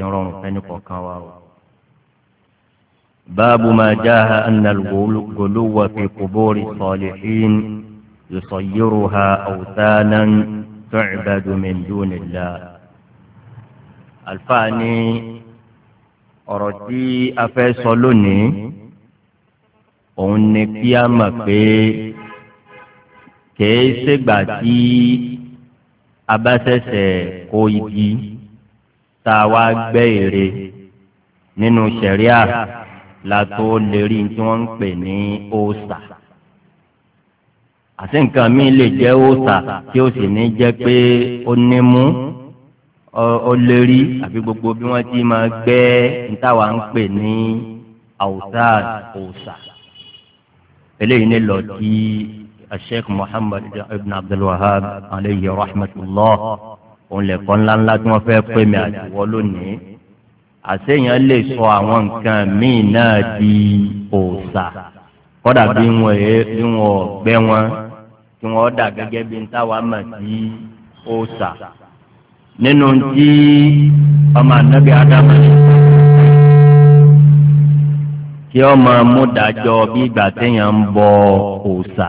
ṣe rọrùn fẹ́ni kọ̀ọ̀kan wa o. باب ما جاء أن الغلو في قبور الصالحين يصيرها أوثانا تعبد من دون الله الفاني أرتي أفسلني òun kí a mọ̀ pé kèé ségbà tí a bá ṣẹ̀ṣẹ̀ kó igi tá a wá gbẹ́ èrè nínú sẹ̀ríà la tó lè rí tí wọ́n ń pè ní òòsà àti nǹkan míì lè jẹ́ òòsà tí ó sì ní jẹ́ pé ó ní mú ó lè rí àfi gbogbo bí wọ́n ti máa gbẹ́ nítawà ń pè ní àwùsà òòsà eléyìí ní lọ sí Sheikh Muhammad ibn Abdul Wahhab alayhi rahmatullah. òun lẹ̀kọ́ ńláńlá tí wọ́n fẹ́ pè mí àtiwọ́ lónìí àṣeyàn lè sọ àwọn nǹkan míì náà di òòṣà kọ́dà bí wọn ẹ bí wọn ọ̀gbẹ́ wọn tí wọn dà gẹ́gẹ́ bí táwa mọ̀ sí òòṣà nínú tí ọmọ anabi adamu tí ọmọ amúdájọ bí ìgbà téèyàn ń bọ òòṣà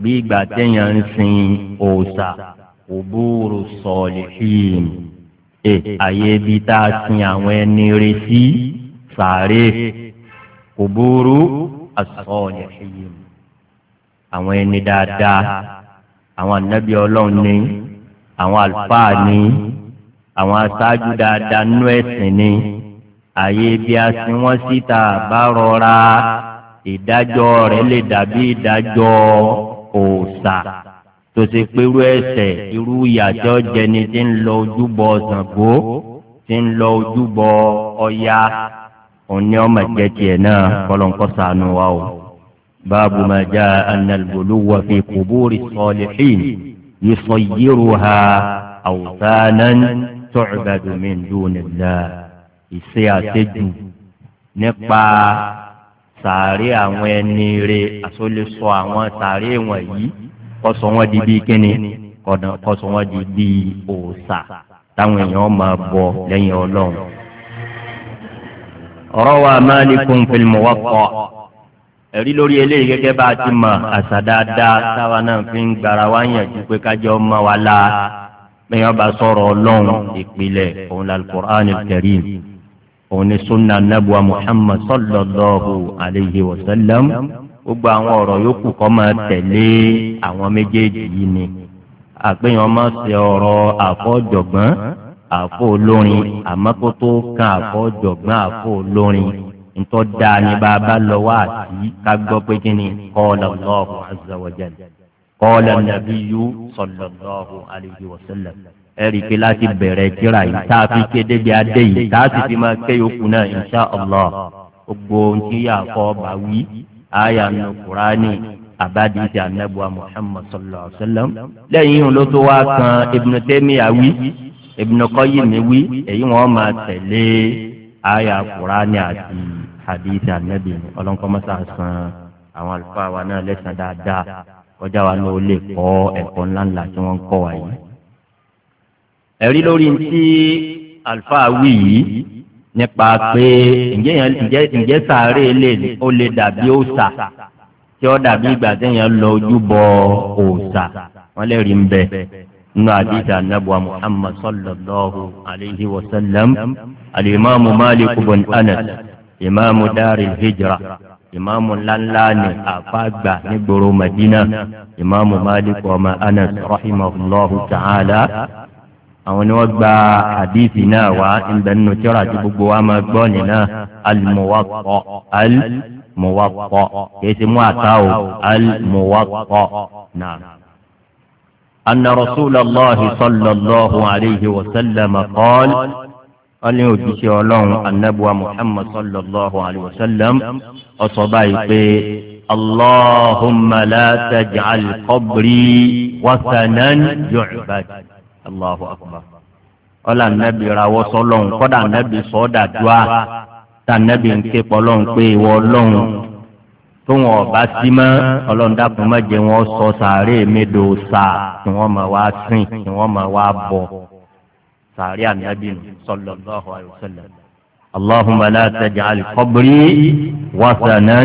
bí ìgbà téèyàn ń sin òòṣà. kuburu salihin ẹ àyè ibi tá a sin àwọn ẹni retí sàárè kuburu as-salihin àwọn ẹni dáadáa àwọn ànábì ọlọ́run ni àwọn àlùfáà ni àwọn aṣáájú dáadáa nú ẹ̀sìn ni àyè bí a sin wọ́n síta bá rọra ìdájọ́ rẹ̀ lè dàbí ìdájọ́ òòṣà tó ṣe pé irú ẹsẹ̀ irú ìyàtọ̀ jẹni tí ń lọ ojúbọ Ṣàngó tí ń lọ ojúbọ Ọya òun ni ọmọ jẹ tiẹ̀ náà kọlọńkọ sànù wa o. báàbù máa já anàlùbọ̀lù wà fi kòbóòrì sọ̀lẹ̀hìn yìsọ̀yìrùhà àwùtánán tọ̀ọ̀dàdùmíndùnìlá ìṣe àṣejù nípa sàárè àwọn ẹni rẹ̀ àsọlẹ̀sọ àwọn sàárè wọ̀nyí kọsọ wọn di bíi kíni kọsọ wọn di bíi òòsà táwọn èèyàn máa bọ lẹ́yìn ọlọ́run. ọ̀rọ̀ wa Malikun fil Muwatta ẹ̀rí lórí eléyìí gẹ́gẹ́ bá a ti mọ̀ àṣà dáadáa táwa náà fi ń gbara wá yànjú pé kájọ ọmọ wa la bẹ́ẹ̀ bá sọ̀rọ̀ ọlọ́run ìpìlẹ̀ òun la alukur'an karim òun ni sunna nabuwa Muhammad sallallahu alayhi wa sallam gbogbo àwọn ọ̀rọ̀ yòókù kọ́ máa tẹ̀lé àwọn méjèèjì yìí ni àpéyàn ọmọ ṣe ọ̀rọ̀ àfọ́jọ̀gbọ́n àfọ́ olórin àmọ́ kó tó kan àfọ́jọ̀gbọ́n àfọ́ olórin ntọ́ dáa ni bàbá lọ wá àti ká gbọ́ pé kí ni qala Allahu azza wa jalla qala nabiyyu sallallahu alayhi wa sallam ẹ̀rí pé láti bẹ̀rẹ̀ kíra yìí tá a fi kéde bí adé yìí tá a sì fi máa kéyòkù náà insha Allah gbogbo ohun tí yà á kọ́ bá wí àyà nù kúránì àbádìsí anábùwà muhammad sallallahu alayhi wa sallam lẹ́yìn ìhun ló tó wá kan ibùnú tẹ́mi àwí ibùnú kọ́yìmí wí èyí wọ́n máa tẹ̀lé àyà kúránì àti àdìsí anábì ọlọ́nkọ́mọ́sá san àwọn àlùfáà wa náà lẹ́sàn dáadáa kọjá wa náà ó lè kọ́ ẹ̀kọ́ ńláńlá tí wọ́n ń kọ́ wa yìí. ẹ̀rí lórí ti àlùfáà wí yìí nípa pé ǹjẹ́ yẹn ǹjẹ́ sàárè lè ó lè dàbí òòsà tí ó dàbí ìgbà téèyàn lọ ojúbọ òòsà wọn lè rí ń nínú àdìsí anábùwà muhammad sallallahu alayhi wa sallam alimami malik bin anas imaamu dari hijra imaamu ńláńlá ni àfàgbà nígboro madina imaamu malik ọmọ anas rahimahullahu ta'ala àwọn ni wọ́n gba àdìsí náà wá ìgbẹ́ nínú tíọ́rà tí gbogbo wa máa gbọ́ nínú al-Muwatta al-Muwatta mú àtà o al náà. أن رسول الله صلى الله عليه وسلم قال ọlẹ́ òjíṣẹ́ ọlọ́run anábùwà muhammad sallallahu alayhi wa sallam ọ̀sọ̀ báyìí pé allahumma la taj'al qabri Allahu akbar ọlà nẹ́bi rawọ́ sọlọ́hún kọ́dà nẹ́bi sọ́ọ́dà dùá tá nẹ́bi ń ké pọ́lọ́hún pé ìwọ ọlọ́hún tó wọn ọba sí mọ́ ọlọ́run dákun má jẹ́ wọn sọ sàárè médo sà tí wọ́n máa wá sìn tí wọ́n máa wá bọ̀ sàárè ànábì sallallahu alaihi wasallam. اللهم لا تجعل قبري وثنا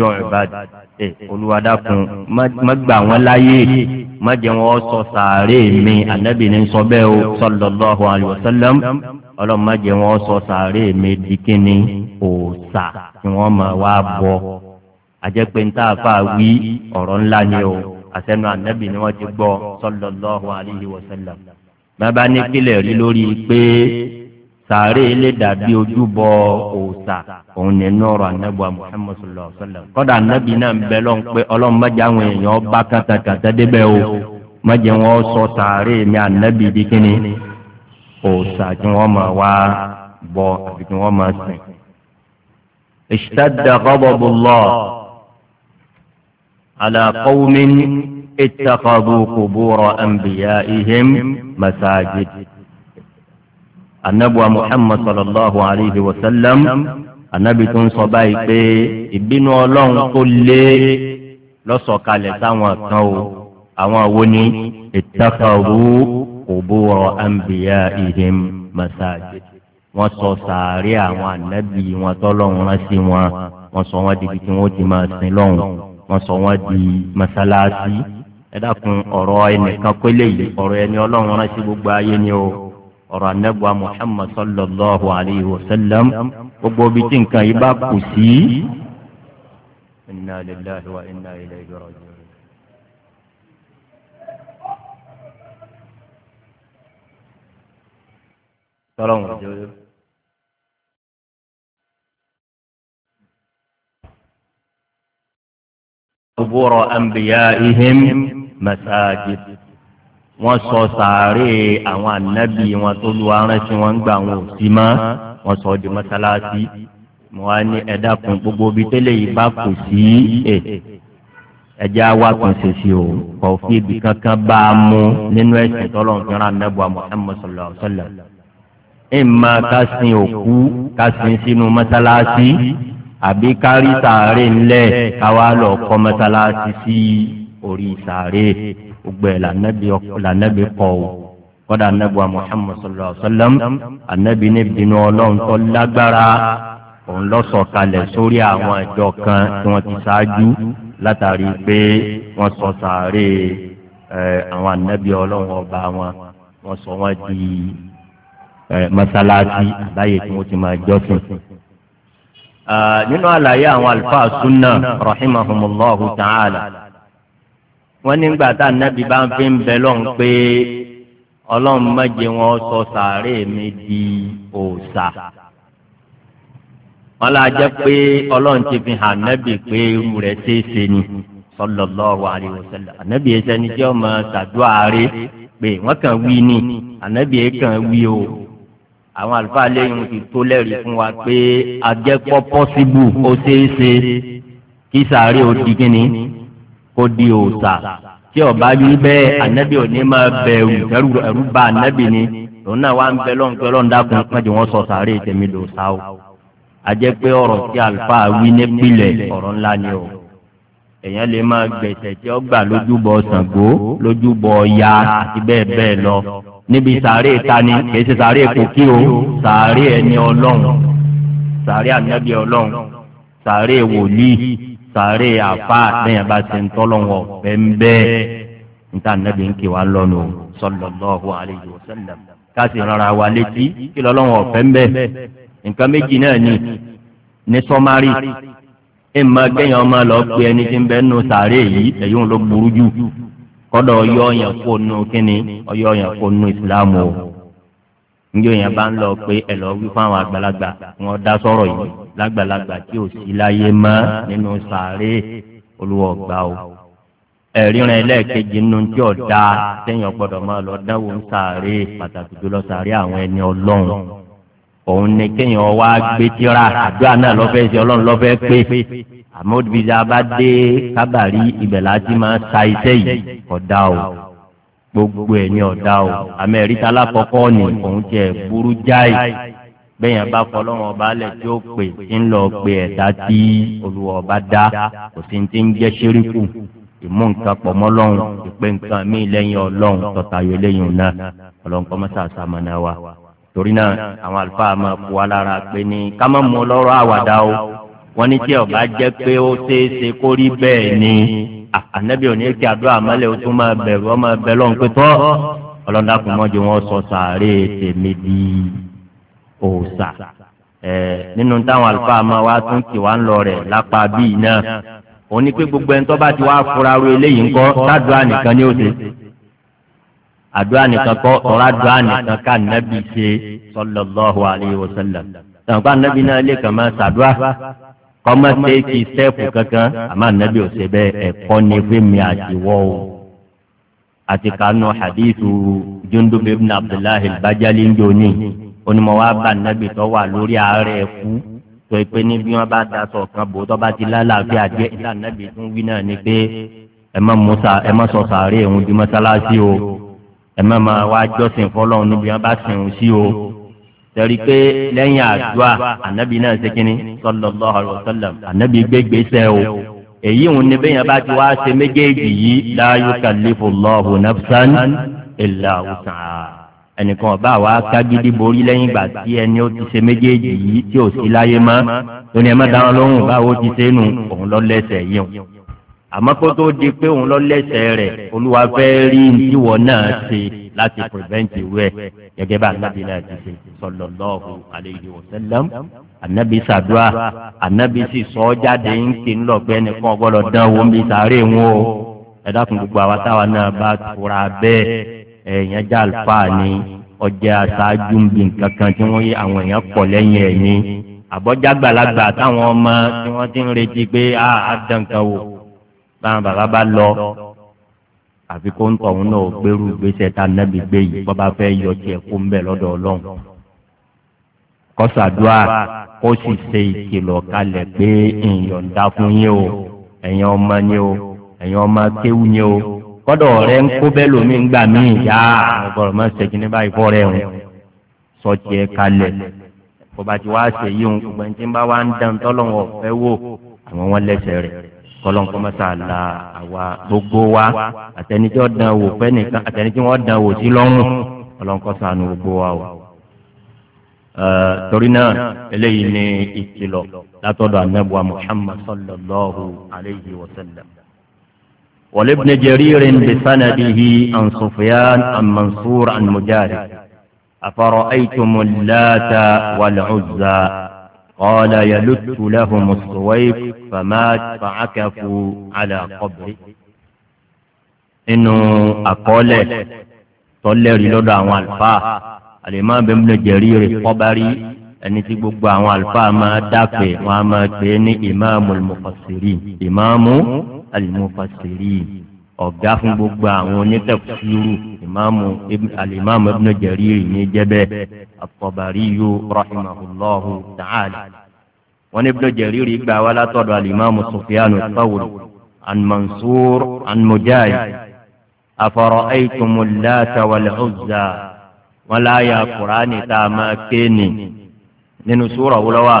يعبد. olùwàdàkùn má gbà wọ́n láyé májẹun ọsọ sàárè mi anabi ní sọ bẹ́ẹ̀ o sallallahu alayhi wa sallam ọlọ́run májẹun ọsọ sàárè mi di kíni òòsà tí wọ́n máa wá bọ àjẹpẹ́ ń tá a fà wí ọ̀rọ̀ ńlá ni o àsẹ́nu anabi ni wọ́n ti gbọ́ sallallahu alayhi bàbá ní kílẹ̀ rí lórí pé. sàárè ilé dàbí ojúbọ òòsà òun ní nọrọ anabuwa muhammad sallallahu alaihi wa sallam kọ́dà anabi náà ń bẹ lọ́n pé ọlọ́run má jẹ́ àwọn èèyàn bá kàtàkàtà débẹ̀ o má jẹ́ wọn sọ sàárè mi anabi di kíni òòsà tí wọ́n máa wá bọ àti tí wọ́n máa sìn. اشتد anabuwa muhammad sallallahu alayhi wa sallam anabi tó ń sọ báyìí pé ìbínú ọlọ́run tó lé lọ́sọ̀kalẹ̀ táwọn kan o àwọn àwo ni ìtàkàrú òbúrọ̀ àǹbíyá ìhìm màsáàjì wọ́n sọ sàárè àwọn ànábì wọn tọ́lọ́run rán sí wọn wọ́n sọ wọ́n di ibi wọ́n ti máa sin lọ́hùn wọ́n sọ wọ́n di mọ́sálásí ẹ ọ̀rọ̀ ẹnìkan pélé yìí ọ̀rọ̀ ẹni ọlọ́run rán gbogbo ayé ni o. ọ̀rọ̀ anábọ̀ muhammad sallallahu alayhi wa sallam gbogbo bí tí nǹkan yìí bá kù sí. inna lillahi wa inna ilayhi rajiun. tọ́lọ́hún ọjọ́ قبور أنبيائهم مساجد wọ́n sọ sàárè àwọn ànábì wọn tó lu aránṣẹ wọn ń gbà wọn sí mọ́ wọ́n sọ di mọ́sálásí mo wá ní ẹ̀dá kun gbogbo bíi tẹ́lẹ̀ yìí bá kù sí ẹ̀ ẹ̀jẹ̀ àwa kan ṣèṣì o kò fi ibì kankan bá a mú nínú ẹ̀sìn tọ́lọ̀ ń fẹ́ràn anábọ̀ Muhammad sallallahu alaihi wasallam ìmà kásìn òkú kásìn sínú mọ́sálásí àbí kárí sàárè ńlẹ̀ káwá lọ kọ́ mọ́sálásí sí orí sàárè gbogbo ẹ̀ lànàbí kọ́ o kọ́dà anabi wa muhammad sallallahu alaihi wa sallam anabi ní bínú ọlọ́run tó lágbára òun lọ sọ̀kalẹ̀ sórí àwọn ẹ̀jọ́ kan tí wọ́n ti ṣáájú látàrí pé wọ́n sọ sàárè àwọn anabi ọlọ́run ọba wọn wọ́n sọ wọ́n di masalasi àbáyé tí wọ́n ti máa jọ́sìn. nínú àlàyé àwọn alfa sunna rahimahumullahu ta'ala wọ́n nígbà tá ànábì bá ń fi ń bẹ lọ́n pé ọlọ́run má jẹ́ wọn sọ sàárè mi di òòṣà wọ́n la jẹ́ pé ọlọ́run ti fi hàn ànábì pé irú rẹ̀ ṣeéṣe ni sallallahu alaihi wasallam ànábì yẹn sẹni jẹ́ ọmọ sàdúrà rẹ̀ pé wọ́n kàn wí ni ànábì yẹn kàn wí o àwọn àlùfáà lẹ́yìn ti tó lẹ́rìí fún wa pé ajẹ́pọ́ pọ́síbù ó ṣeéṣe kí sàárè ó di kínní kó di òòtà tí ọba rí bẹ́ẹ̀ anabi òní máa bẹ̀rù ẹrú ẹrú bá anabi ni òun náà wá ń bẹ lọ́n pẹ́ lọ́n dákun pẹ́jù wọn sọ sàárè tèmi lò sá o àjẹ́ pé ọ̀rọ̀ tí àlùfà wí ní pilẹ̀ ọ̀rọ̀ ńlá ni o èèyàn lè máa gbẹ̀sẹ̀ tí ó gbà lójúbọ Ṣàngó lójúbọ Ọya àti bẹ́ẹ̀ bẹ́ẹ̀ lọ níbi sàárè ta ni kì í ṣe sàárè kòkí o sàárè ẹni ọlọ́run sàárè ànábì ọlọ́run sàárè wòlíì sàárè àfa àtẹ̀yìn bá ti ń tọ́lọ́wọ́ bẹ́ẹ̀ níta nàbí ń kí wa lọ́nu sallallahu alayhi wa sallam káàsì rárá wa létí kí lọ́lọ́wọ́ bẹ́ẹ̀ nǹkan méjì náà ni ní sọ́márì ẹ̀ máa kẹ́yìn ọmọ lọ pé ẹni tí ń bẹ́ẹ̀ nù sàárè yìí èyí ń lọ burú jù kọ́dọ̀ ọyọ́ yẹn kó nu kíni ọyọ́ yẹn kó nu ìsìlámù o njẹ yẹn bá ń lọ pé ẹ lọ wí fún àwọn àgbàlagbà wọn dá sọ̀rọ̀ yìí lágbàlagbà tí ò sí láyé mọ́ nínú sàárè olúwọ gbà o ẹ̀ríran ẹlẹ́ẹ̀kejì nínú tí ò da sẹ́yìn ọ̀gbọ́dọ̀ máa lọ dánwò ń sàárè pàtàkì jùlọ sàárè àwọn ẹni ọlọ́run òun ni kéèyàn wá gbé tíra àdúrà náà lọ́fẹ́ ṣe ọlọ́run lọ́fẹ́ pé àmọ́ òdìbíjà bá dé kábàárí ibẹ̀ láti máa sa iṣẹ́ yìí kódà o gbogbo ẹ̀ ní o amẹ́ríkà alákọ̀ọ́kọ́ ni òun jẹ́ burú jáì bẹ́yẹn bá fọlọ́wọn ọba tí ó pè tí ń lọ pé ẹ̀dá tí olùwọ̀ dá kò sí ti ń jẹ́ ṣíríkù ìmú nǹkan pọ̀ mọ́ lọ́hùn ìpè nǹkan mí lẹ́yìn ọlọ́hùn tọ́tayọ lẹ́yìn náà ọlọ́hùn kọ́ mọ́tà sàmánà wa torí náà àwọn àlùfáà máa kú wa pé ní ká má mú ọlọ́rọ̀ àwàdà o wọ́n ní tí ọba jẹ́ pé ó ṣeé ṣe kó bẹ́ẹ̀ ni ànábì òní kí adó àmàlẹ́ o tún máa bẹ̀rù ọmọ ẹbẹ lọ́n pé tọ́ ọlọ́dàkùn mọ́jọ wọn sọ sàárè tèmi di òòsà ẹ nínú táwọn àlùfáà máa wá tún kì wá ń lọ rẹ̀ lápá bíi náà òní pé gbogbo ẹni tó bá ti wá fura ru eléyìí ńkọ́ sádùá nìkan ni ó ṣe àdúrà nìkan kọ́ ọ̀rọ̀ àdúrà nìkan ká nábì ṣe sọlọ́lọ́hu àlẹ́ ìwọ̀sẹ̀lẹ̀ tàǹkà nábì náà lè kàn máa ṣàdúrà kọ́má séèkì sẹ́ẹ̀pù kankan àmọ́ ànábì ò ṣe bẹ́ẹ̀ ẹ̀kọ́ ni fẹ́mi àtiwọ́ o àti kanu hadithu jundub ibn abdullahi bajali njoni onímọ̀ wa bá ànábì tó wà lórí ààrẹ ẹ̀kú tó ẹ pé ní bí wọ́n bá daṣọ kan bò tó bá ti lálàáfíà díẹ̀ ilé ànábì tún wí náà ni pé ẹ má musa ẹ má sọ sàárè òun di mọ́sálásí o ẹ má máa wá jọ́sìn fọlọ́run níbi wọ́n bá sìn sí o tẹ̀rí pé lẹ́yìn àdúrà ànábì náà ṣe kínní sallallahu alaihi wasallam ànábì gbégbé sẹ́ o èyí ń ní bẹ́yẹn bá ti wá ṣe méjèèjì yìí la yukallifu Allahu nafsan illa wus'aha ẹnìkan ọba àwa kágídí borí lẹ́yìn ìgbà tí ẹni ó ti ṣe méjèèjì yìí tí ò sí láyé mọ́ tó ní ẹ má dáhùn lóhùn báwo ti ṣe nù òun lọ lẹ́sẹ̀ yìí àmọ́ kó tó di pé òun lọ lẹ́sẹ̀ rẹ̀ olúwa fẹ́ rí ìdíwọ̀ náà ṣe láti prevent ìwé gẹ́gẹ́ bá anabi náà ti ṣe sọlọ́lọ́hu aleyhi wa sallam anabi sàdúrà anabi sì sọ ọ́ jáde ń ké ńlọgbẹ́ nìkan ọgbọ́dọ̀ dán owó ń bí sàárè wọn o ẹ̀dá kun gbogbo àwa táwa náà bá tura bẹ́ẹ̀ ẹ̀yìn ẹja àlùfáà ni ọjà àṣáájú ń bì kankan tí wọ́n yí àwọn èèyàn pọ̀ lẹ́yìn ẹ̀ ni àbọ̀já táwọn ọmọ tí wọ́n ti ń retí pé ah, a àdán kan wò báwọn bàbá bá lọ àfi kó ń tọ̀hún náà gbérú gbèsè tá nẹ́bi gbé yìí bọ́ fẹ́ yọ tiẹ̀ kó ń bẹ̀ lọ́dọ̀ ọlọ́run kọ́sàdúà kó sì ṣe ìkìlọ̀ kalẹ̀ pé ìyọ̀ǹda fún yín o ẹ̀yin ọmọ ni o ẹ̀yin ọmọ kéwù ni o kọ́dọ̀ rẹ ń kó bẹ́ẹ̀ lómi ń gbà mí ìyá ọgọ́rùn mọ́ ṣẹ́gi ní báyìí fọ́ rẹ̀ ń sọ tiẹ̀ kalẹ̀ bó ti wá ṣe yí òun gbọ̀ǹtì bá wá ń dán tọ́lọ́wọ́ kọlọ́nkọ́ mẹ́ta la àwa gbogbo wa àtẹnidí ọ̀dàn wò fẹ́ nìkan àtẹnidí wọn dàn wò sí lọ́rùn kọlọ́nkọ́ sànù gbogbo wa o. torí náà eléyìí ni ìkìlọ̀ látọ̀dọ̀ anábùwà muhammad sallallahu alayhi wa sallam. ولابن جرير بسنده عن سفيان عن منصور عن مجاهد أفرأيتم اللات والعزى قال يلت لهم الصويف فمات فعكفوا على قبره إنه أقول tọ́lẹ́rì lọ́dọ̀ àwọn àlùfáà àlèmọ́ abẹ́múlẹ̀ jẹ̀rìírì kọ́bárí ẹni tí gbogbo àwọn àlùfáà máa dápè wọn a máa pè é ní ìmáàmù al-mufassirin ìmáàmù al-mufassirin ọ̀gá fún gbogbo àwọn onítẹ̀kùsírù ìmáàmù alimami ibn Jarir ní jẹ́bẹ́ at-Tabariyu rahimahullahu ta'ala. wọ́n ní ibn Jarir gbà wá látọ̀dọ̀ alimami Sufyanu Thawri an Mansur an Mujahid afara'aytumu Lata wọn láyà Kùránì tá a máa ké ni nínú sùúrà wúlọ́wà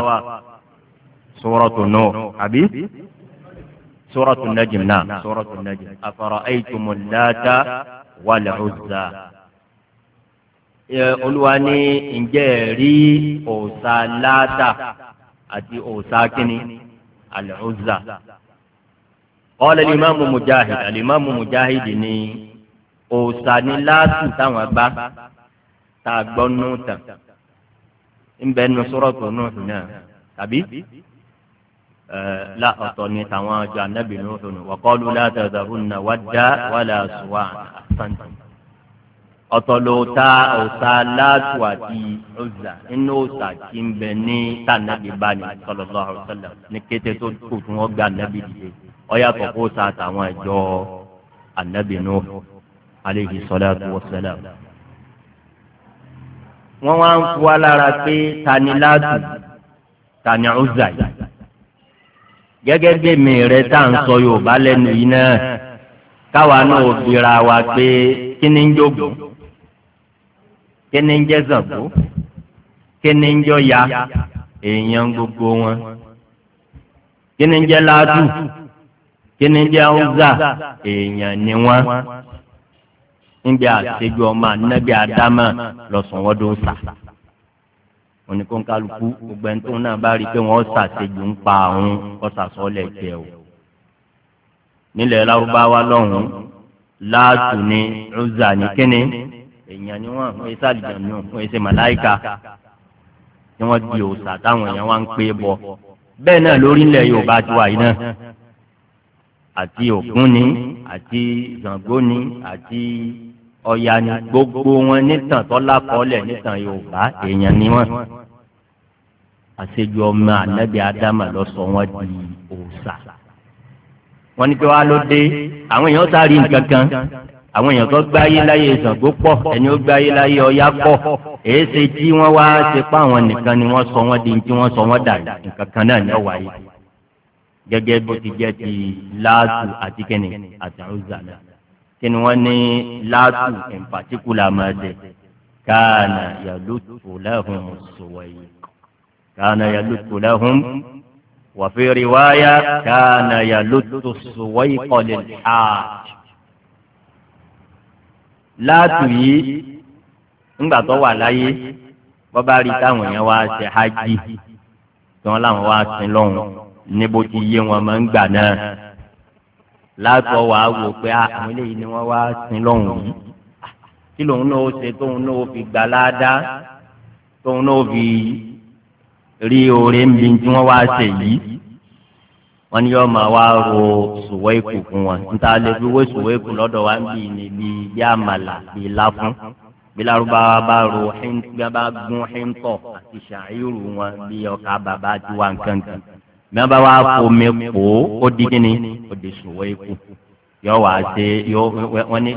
sùúrà tó nù àbí sórọ́tù nàjìm náà sórọ́tù nàjìm afọ̀rọ̀ ayétumù láta wà lẹ́hùzà. olúwa ní ǹjẹ́ rí òòṣà láta àti òòṣà kínní alẹ́hùzà. قال الإمام مجاهد الإمام مجاهد ni òòṣà ni láàtù táwọn bá tá a gbọ́ nù tán ń bẹ́ẹ̀ nu sọ́rọ̀ tó nù náà tàbí la ọ̀tọ̀ ni tàwọn ọjọ́ anábì Nuhu ni wa qalu la tadharunna wadda wala suwana àtàntàn ọ̀tọ̀ ló ta ọ̀tá Láàtù àti Uzza inú ọ̀tá tí ń bẹ ní tànàbí báni sallallahu alaihi wasallam ní kété tó kù tí wọ́n gba anábì dìde ọ̀yàtọ̀ kó ta àtàwọn ẹ̀jọ́ anábì Nuhu alaihi salatu wassalam wọ́n wá ń fu alára pé tani Láàtù tani Uzza yìí gẹ́gẹ́ bí èmi rẹ tá à ń sọ yorùbá lẹ́nu yìí náà káwa náà bira wa pé kí ni ń jogun kí ni ń jẹ́ zàbó kí ni ń jọ èèyàn gbogbo wọn kí ń jẹ́ láàdù kí ń jẹ́ ọ̀zà èèyàn ni wọn níbi àṣejù ọmọ anábì adama lọ́sùn wọ́n oníkóńkálukú gbogbo ẹni tó náà bá rí i pé wọ́n ṣàṣejù ń pa àwọn ọ̀ṣàṣọ́lẹ̀ jẹ́ o. nílẹ̀ lárúbáwá lọ́hùn-ún láàtù ni ọ̀zà ní kíni èèyàn ni wọ́n fún ẹsẹ̀ àlùjànnú fún ẹsẹ̀ màláìka tí wọ́n di òòṣà táwọn èèyàn wá ń pè bọ. bẹ́ẹ̀ náà lórí ilẹ̀ yorùbá ti wà yìí náà àti ògún àti Ṣàngó àti ọ̀yà ni gbogbo wọn nítàn tó lákọọ́lẹ̀ nítàn yorùbá èèyàn ni wọn. àṣejù ọmọ ànábì ádámà lọ sọ wọn di òòṣà. wọn ní kí wàá ló dé àwọn èèyàn sáré nǹkan kan àwọn èèyàn tó gbáyé láyé ìsàngó pọ̀ ẹni ó gbáyé láyé ọya pọ̀ èyí ṣe tí wọ́n wá ṣe pa àwọn nìkan ni wọ́n sọ wọ́n di tí wọ́n sọ wọ́n dà nǹkan kan náà ní ọ̀wá yìí gẹ́gẹ́ bó ti jẹ́ ti láàtù àti kẹ́ni náà kí ni wọ́n ní látù in particular máa dé káànà yàlùtù lẹ́hùn sùwẹ̀yì káànà yàlùtù lẹ́hùn wàfi riwaya káànà yàlùtù sùwẹ̀yì kọ́lẹ̀ hajj. látù yìí ńgbà tó wà láyé bọ́bá rí táwọn yẹn wá ṣe hajj tí wọ́n láwọn wá sin lọ́hùn níbo ti yé wọn máa ń gbà náà látọ̀ wàá wò pé ah, àwọn eléyìí ni wọ́n wá sin lọ́hùn ún ah, kí lòun náà ó ṣe tóun náà ó fi gbà ládàá tóun náà ó fi rí oore ń bi tí wọ́n wá ṣe yìí wọ́n ní yọ́ọ́ máa wá ro sùwẹ́ẹ̀kù fún wọn níta lè fi wé sùwẹ́ẹ̀kù lọ́dọ̀ wa ń bì ní bí yá àmàlà bí láfún bí lárúbáwá bá ro bá gún hẹ́ńtọ̀ àti ṣàìrù wọn bí ọkà bàbá ti wá nǹkan kan bí wọ́n bá wá fomi kó ó di kíni ó di sùnwó ikú yọ wá ṣe wọ́n ní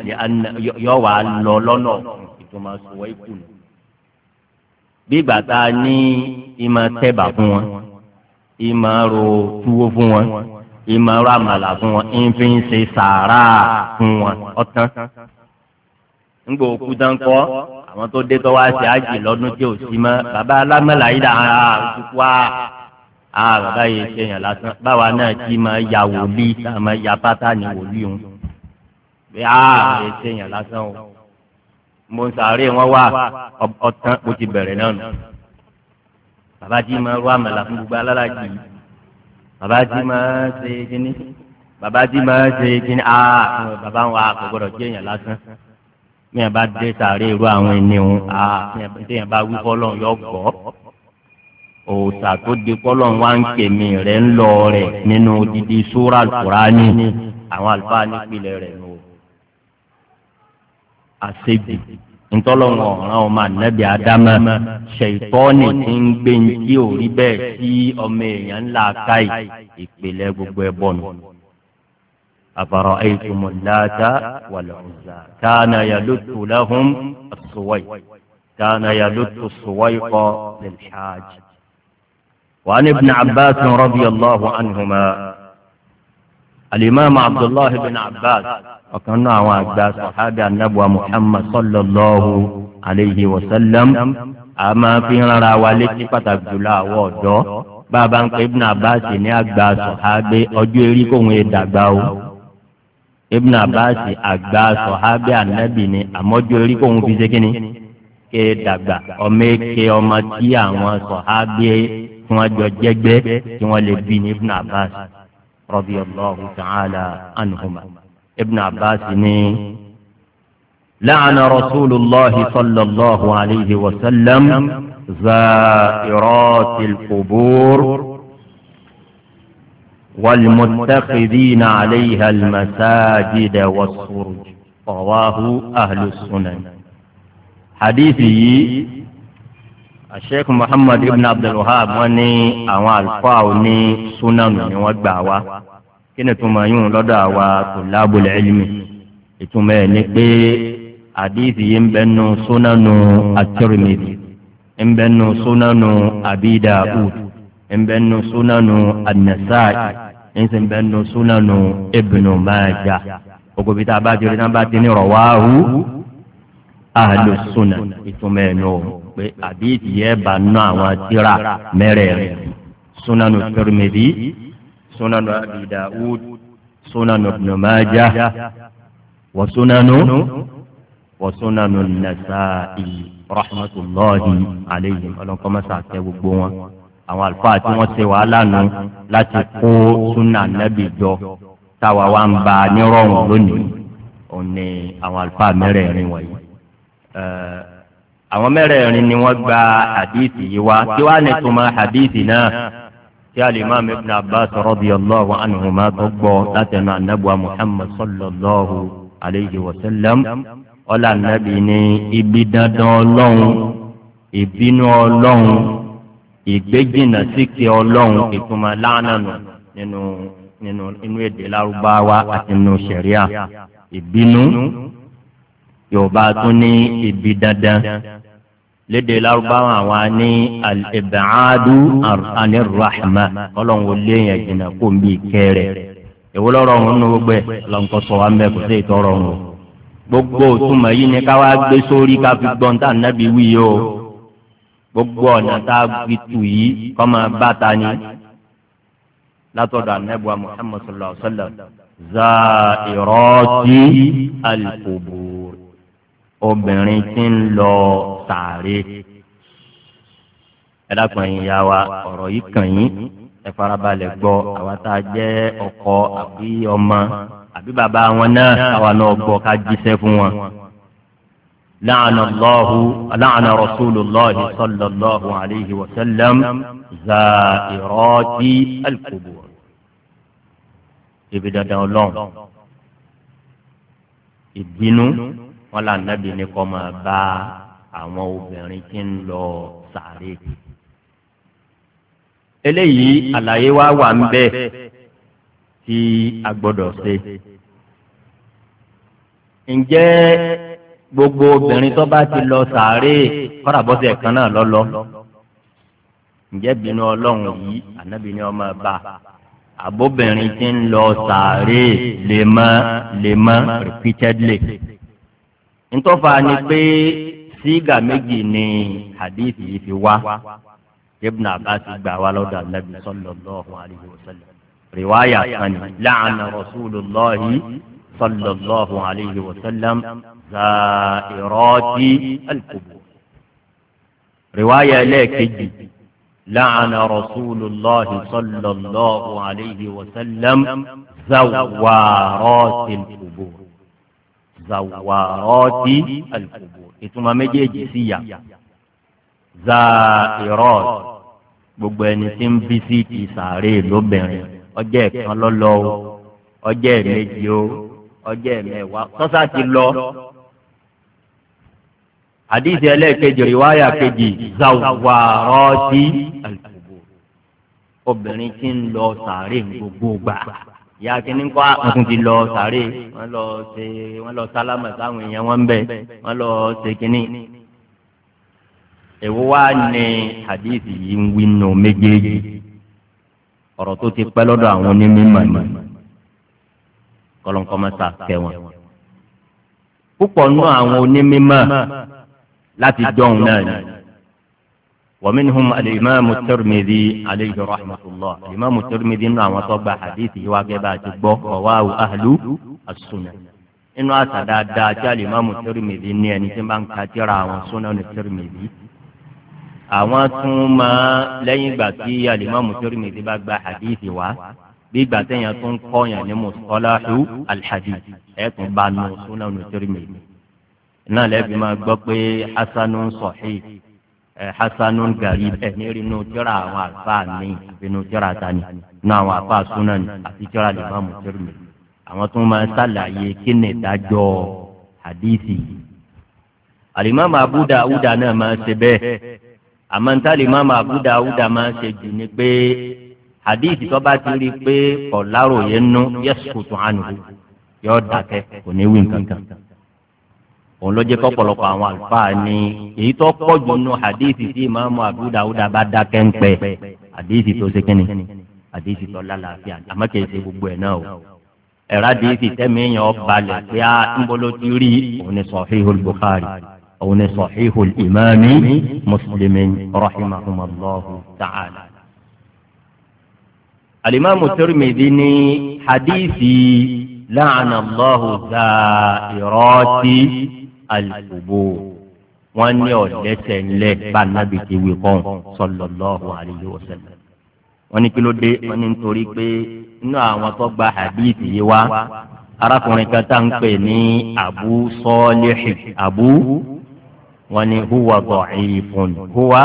yọ wá lọ lọ́nà ìtumọ̀ sùnwó ikú nù. bí gbàtà ní ìmọ̀ tẹ́bà fún wọn ìmọ̀ ro túwó fún wọn ìmọ̀ ro àmàlà fún wọn ìfi ń ṣe sàárà fún wọn ọ̀tán ńgbò òkú dáńkọ́ àwọn tó dé tọ́wọ́ àti àjì lọ́dún tí ò sí mọ́ bàbá alámọ̀láyé dà á òkú wa àwọn ah, bàbá yìí ṣèyàn lásán báwa náà ti máa ya wòlíì táà máa ya pátá ní wòlíì òun ah, bí àwọn yìí ṣèyàn lásán o mo ń sàárè wọn wá ọtán mo ti bẹ̀rẹ̀ náà nù bàbá tí máa rú àmàlà fún gbogbo alálàjì bàbá tí máa ṣe kíní bàbá tí máa ṣe kíní aa ah, bàbá wa kò gbọdọ̀ ṣèyàn lásán mi àbá dé sàárè irú àwọn ènìyàn aa mi àbá wí fọlọ́run yọ gbọ́ òòtà tó di kọ́lọ́n wá ń kèmí rẹ̀ ń lọ rẹ̀ nínú dídí súrà Kùránì àwọn àlùfáà nípìnlẹ̀ rẹ̀ nù. àṣejù ntọ́lọ́wọ̀n ọ̀ràn ọmọ ànábì ádámà ṣètọ́ni tí ń gbé ń tí ò rí bẹ́ẹ̀ sí ọmọ èèyàn ńlá káì ìpìlẹ̀ gbogbo ẹ̀ bọ̀ nù. àfàrọ̀ ẹ̀yìnkùmọ̀ láta wàlúùzà káànà yàlótú lahum as-suwayq káànà yàlótú as-suwayq lil-hajj. وعن ابن عباس رضي الله عنهما الإمام عبد الله بن عباس وكان عباس صحابي النبوة محمد صلى الله عليه وسلم أما في نرى والدي فتبدلا وضو بابا ابن عباس ni àgbà sọ̀hábẹ́ ọjọ́ eré kò ń dàgbà o ibn abbas àgbà sọ̀hábẹ́ ànábì ni àmọ́jọ́ eré kò ń fi ṣe kínní tí wọ́n jọ jẹ́gbẹ́ tí wọ́n lè bí ní ibn abbas radiyallahu ta'ala anhuma ibn abbas ní. لعن رسول الله صلى الله عليه وسلم زائرات القبور والمتخذين عليها المساجد والسرج رواه أهل السنن حديثي Sheikh Muhammad ibn Abdul Wahab wọ́n ní àwọn àlùfáà òní súnánù ni wọ́n gbà wá kí ni túmọ̀ yín lọ́dọ̀ àwa tulabul ilmi ìtumọ̀ ẹ̀ ni pé àdìsí yìí ń bẹ nu súnánù at-Tirmidhi ń bẹ nu súnánù Abi ń bẹ nu súnánù an ń sì ń bẹ nu súnánù Ibn Majah ogobi tá a bá jẹ́ orí náà bá ti ní rawahu ahlu sunan ìtumọ̀ ẹ̀ nù pé àdéhìí yẹ bá ná àwọn tíra mẹ́rẹ̀ẹ̀rin sunanu tirimidi sunanu abidawud sunanu numaja wasunanu wasunanu nasa'i rahmatulahi aleyhi ọlọ́nkọ́mọ́sá tẹ gbogbo wọn àwọn àlùfáà tí wọ́n ṣe wàhálà nù láti kó sunna nabi jọ táwa wa ń ba nírọ̀rùn lónìí òun ni àwọn àlùfáà mẹ́rẹ̀ẹ̀rin wọ̀nyí àwọn mẹ́rẹ̀ẹ̀rin ni wọ́n gba hadithi yìí wá kí wàá ní tuma hadithi náà tí alimami ibn abbas radiyallahu anhuma tó gbọ́ látẹnu anabuwa muhammad sallallahu alayhi wa sallam ọlá anabi ní ibi dandan ọlọ́run ìbínú ọlọ́run ìgbéjìnà síkì ọlọ́run ìtumọ̀ lánàánù nínú nínú inú èdè lárúbáwá àti nínú sẹ̀ríà ìbínú yorùbá tún ní ibi dandan lédè lárúbáwá wa ní al-ib'adu ani rahma ọlọ́run ò léyìn jìnnà kó n bí kẹrẹ èwo lọ́rọ̀ ọ̀hún nínú gbogbo ẹ̀ lọ́nkọ́ sọ wa ń bẹ̀ kó sí ìtọ́rọ̀ ọ̀hún gbogbo òtúmọ̀ yìí ni ká gbé sórí ká gbọ́n tá nàbí wí yìí o gbogbo ọ̀nà tá a fi tù yìí kọ́ máa ni látọ̀dọ̀ anabuwa muhammadu sallallahu alaihi wa sallam zairọ́ọ̀tì alikobo obìnrin tí ń lọ sàárè ẹ dákun ẹ̀yin ìyá wa ọ̀rọ̀ yìí kàn yín ẹ farabalẹ̀ gbọ́ àwa tá a jẹ́ ọkọ àbí ọmọ àbí bàbá wọn náà àwa náà gbọ́ ká jíṣẹ́ fún wọn. لعن الله لعن رسول الله صلى الله عليه وسلم زائرات القبور ibi dandan Ọlọ́run wọn là nàbì ní kọ́ máa bá àwọn obìnrin tí ń lọ sàárè. eléyìí àlàyé wa wà ń bẹ tí a gbọ́dọ̀ ṣe. ǹjẹ́ gbogbo obìnrin tó bá ti lọ sàárè kọ́ra bọ́sẹ̀ kan náà lọ́lọ́ ǹjẹ́ bínú ọlọ́run yìí ànábì ní ọmọ bá àbóbìnrin tí ń lọ sàárè lèmọ́ lèmọ́ repeatedly ntọ́fà ni pé sígà méjì ni hadith yìí fi wá ibn abbas gbà wá lọ́dọ̀ anabi sallallahu alayhi wa sallam riwaya kan ni la'ana rasulullahi sallallahu alayhi wa sallam zairati alqubur riwaya ẹlẹ́ẹ̀kejì la'ana rasulullahi sallallahu alayhi wa sallam zawarati alqubur zawarọ́ọ̀tì alùpùpù ìtumọ̀ méjèèjì sí yà zairọ́ọ̀ gbogbo ẹni tí ń bí sí ti sàárè lóbìnrin ọjọ́ ẹ̀kan lọ́lọ́ o ọjọ́ ẹ̀mejì o ọjọ́ ẹ̀mẹwàá sọ́sà ti lọ àdìsí ẹlẹ́ẹ̀kejì rìwáyà kejì zawarọ́ọ̀tì alùpùpù obìnrin tí ń lọ sàárè gbogbo gbà ìyá kìíní kọ́ àkùn ti lọ sàárè wọ́n lọ ṣe wọ́n lọ sálámà sáwọn èèyàn wọn bẹ̀ wọ́n lọ ṣe kìíní. èwo wá ní hadith yìí ń wí nù méjèèjì ọ̀rọ̀ tó ti pẹ́ lọ́dọ̀ àwọn onímọ̀ ni kọ́lọ́nkọ́mọ́sà kẹ́ púpọ̀ nù àwọn onímọ̀ láti dọ̀hún náà ni. ومنهم الإمام الترمذي عليه رحمة الله الإمام الترمذي إنه عم طبع حديثه واجبات البخ رواه أهل السنة إنه أتدا داتا الإمام الترمذي إني أني تبان كاتيرا وسنن الترمذي àwọn tún máa lẹ́yìn ìgbà tí alimami Tirmidhi bá gba hadithi wa bí ìgbà téèyàn tún kọ́yàn ní mustalahu alhadith ẹ̀ tún bá nu sunanu Tirmidhi náà lẹ́bi máa gbọ́ pé hasanu sahih hasanun garib ẹ ní rí inú jọra àwọn àlùfáà ní inú jọra tani inú àwọn àlùfáà súnà ní àti jọra lè má mùsùlùmí mi àwọn tó máa ṣàlàyé kí ni ìdájọ́ hadithi alimami Abu Dawuda náà máa ṣe bẹ́ẹ̀ àmọ́ alimami Abu Dawuda máa ṣe jù ní pé hadithi tó bá ti rí i pé ọ̀làròyé nú yẹ sùkùtù àná yọ dàkẹ́ kò ní wí nǹkan kan òun ló jẹ́ kọ́pọ̀lọpọ̀ àwọn àlùfáà ni èyí tó pọ̀ jù nù hadithi tí ìmáàmù Abu Dawud bá dákẹ́ ń pẹ́ hadithi tó ṣe kínni hadithi tó lálàáfíà àmọ́ kìí ṣe gbogbo ẹ̀ náà o ẹ̀rọ hadithi tẹ́mi yàn balẹ̀ pé a ah, ń bolo ti rí òun ni Sahihul Bukhari òun ni Sahihul Imami Muslimin rahimahumallahu ta'ala. alimami Tirmidhi ni hadithi la'ana Allahu za'irati alùpùpù wọn ní ọ̀dẹ́sẹ̀ ńlẹ̀ bá nábì ti wí kọ́ sallallahu alayhi wa sallam. wọ́n ní kí ló dé wọ́n ní nítorí pé inú àwọn tó gba hadith yìí wá arákùnrin kan tá ń pè ní abu sọ́ọ́lẹ́hì abu wọ́n ní huwa da'ifun huwa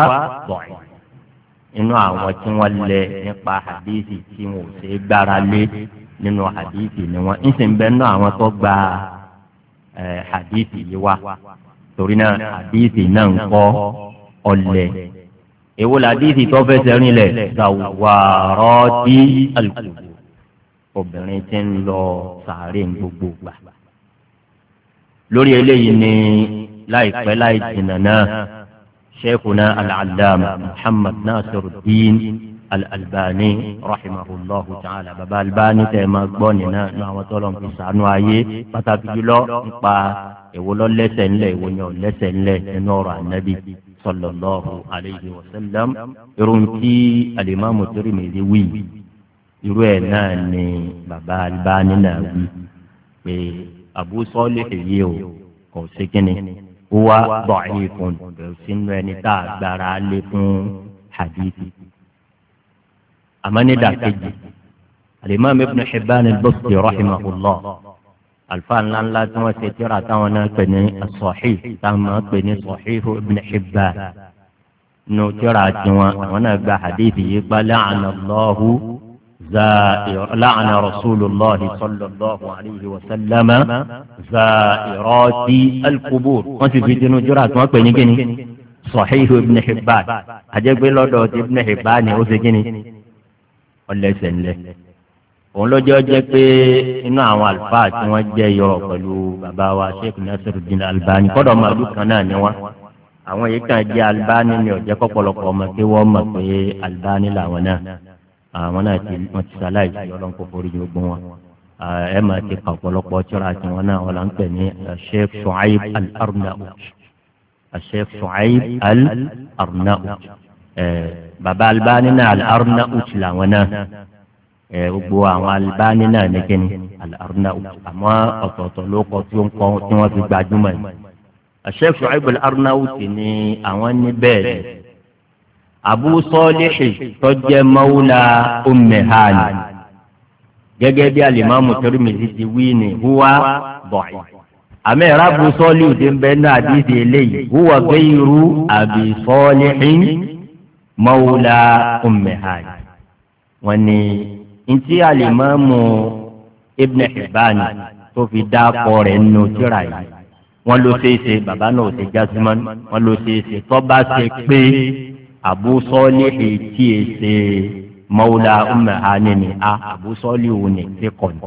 da'if inú àwọn tí wọ́n lẹ nípa hadithi tí wọn ò ṣe gbára lé nínú hadithi ni wọ́n ń sìn bẹ́ẹ̀ nínú àwọn tó gba hadithi yìí wá torí náà hadithi náà ń kọ́ ọ̀lẹ̀ èwo la hadithi tó fẹsẹ̀ rinlẹ̀ gàwárọ́ọ̀dì alùpùpù obìnrin ti ń lọ sàárè gbogbo gbà lórí eléyìí ni láìpẹ́ láì jìnnà náà sheikhuna al-allama muhammad nasiruddin al-albani rahimahullahu ta'ala baba albani tẹ̀ máa gbọ́ nínú àwọn àwọn tó lọ́n fi sànú ayé pàtàkì jùlọ nípa èwo lọ lẹ́sẹ̀ ńlẹ̀ èwo yẹn ò lẹ́sẹ̀ ńlẹ̀ nínú ọ̀rọ̀ ànábì sallallahu alayhi wa sallam irun tí alimami Tirmidhi wí irú ẹ̀ náà ni baba albani náà wí pé abu sọ́lẹ̀ èyí o kò sí kínní huwa da'ifun kò sínú ẹni tá a gbára lé fún hadithi àmọ́ ní dàkejì alimami ibn hibban al-Busti rahimahullah alfa ńláńlá tí wọ́n ṣe tíra táwọn náà pè ní as-Sahih táwọn máa pè ní Sahih ibn Hibban nù tíra tiwọn àwọn náà gba hadithi yìí pa la'ana Allahu la'ana rasulullahi sallallahu alayhi wa sallam za'irati al-qubur wọ́n sì fi tinú tíra tí wọ́n pè ní kíni Sahih ibn Hibban àjẹgbé lọ́dọ̀ ọlẹ́sẹ̀ ńlẹ̀ òun lọ́jọ́ jẹ́ pé inú àwọn àlùfáà tí wọ́n jẹ́ yọrọ̀ pẹ̀lú bàbá wa sheikh nasiruddin albani kọ́dọ̀ màlúù kan náà ni wọ́n àwọn yìí kan jẹ́ albani ni ọ̀jẹ́ kọ́pọ̀lọpọ̀ ọmọ pé wọ́n mọ̀ pé albani làwọn náà àwọn náà ti wọ́n ti ṣaláìsí ọlọ́run kò forí gbogbo wọn ẹ máa ti kà ọ̀pọ̀lọpọ̀ tíra àti wọn náà wọn là ń pè ní sheikh shuaib al-arnaut sheikh shuaib al-arnaut baba albani náà al-arna uti làwọn náà ẹ gbogbo àwọn albani náà nìkíni al-arna uti àmọ́ ọ̀tọ̀ọ̀tọ̀ ló kọ tí wọ́n fi gbajúmọ̀ yìí Sheikh Shu'aib al-arna uti ni àwọn ní bẹ́ẹ̀ ni abu sọ́ọ́lìṣì tó jẹ́ mawla ummi bí alimami Tirmidhi ti wí ni huwa bọ̀ọ̀ì àmì ìrabu sọ́ọ́lì òde ń bẹ́ẹ̀ náà àdìsí eléyìí huwa ghayru abi sọ́ọ́lìṣì mawula ummihan wọ́n ní ntí alimami ibn hibban tó fi dá kọ rẹ̀ nù tíra yìí wọ́n ló ṣe é ṣe bàbá náà ṣe jásímán wọ́n ló ṣe é ṣe tọ́ba ṣe pé àbúsọ́lé ètí ẹ̀ ṣe mawula ummihan ni a àbúsọ́lé òun ní kíkọ́ ni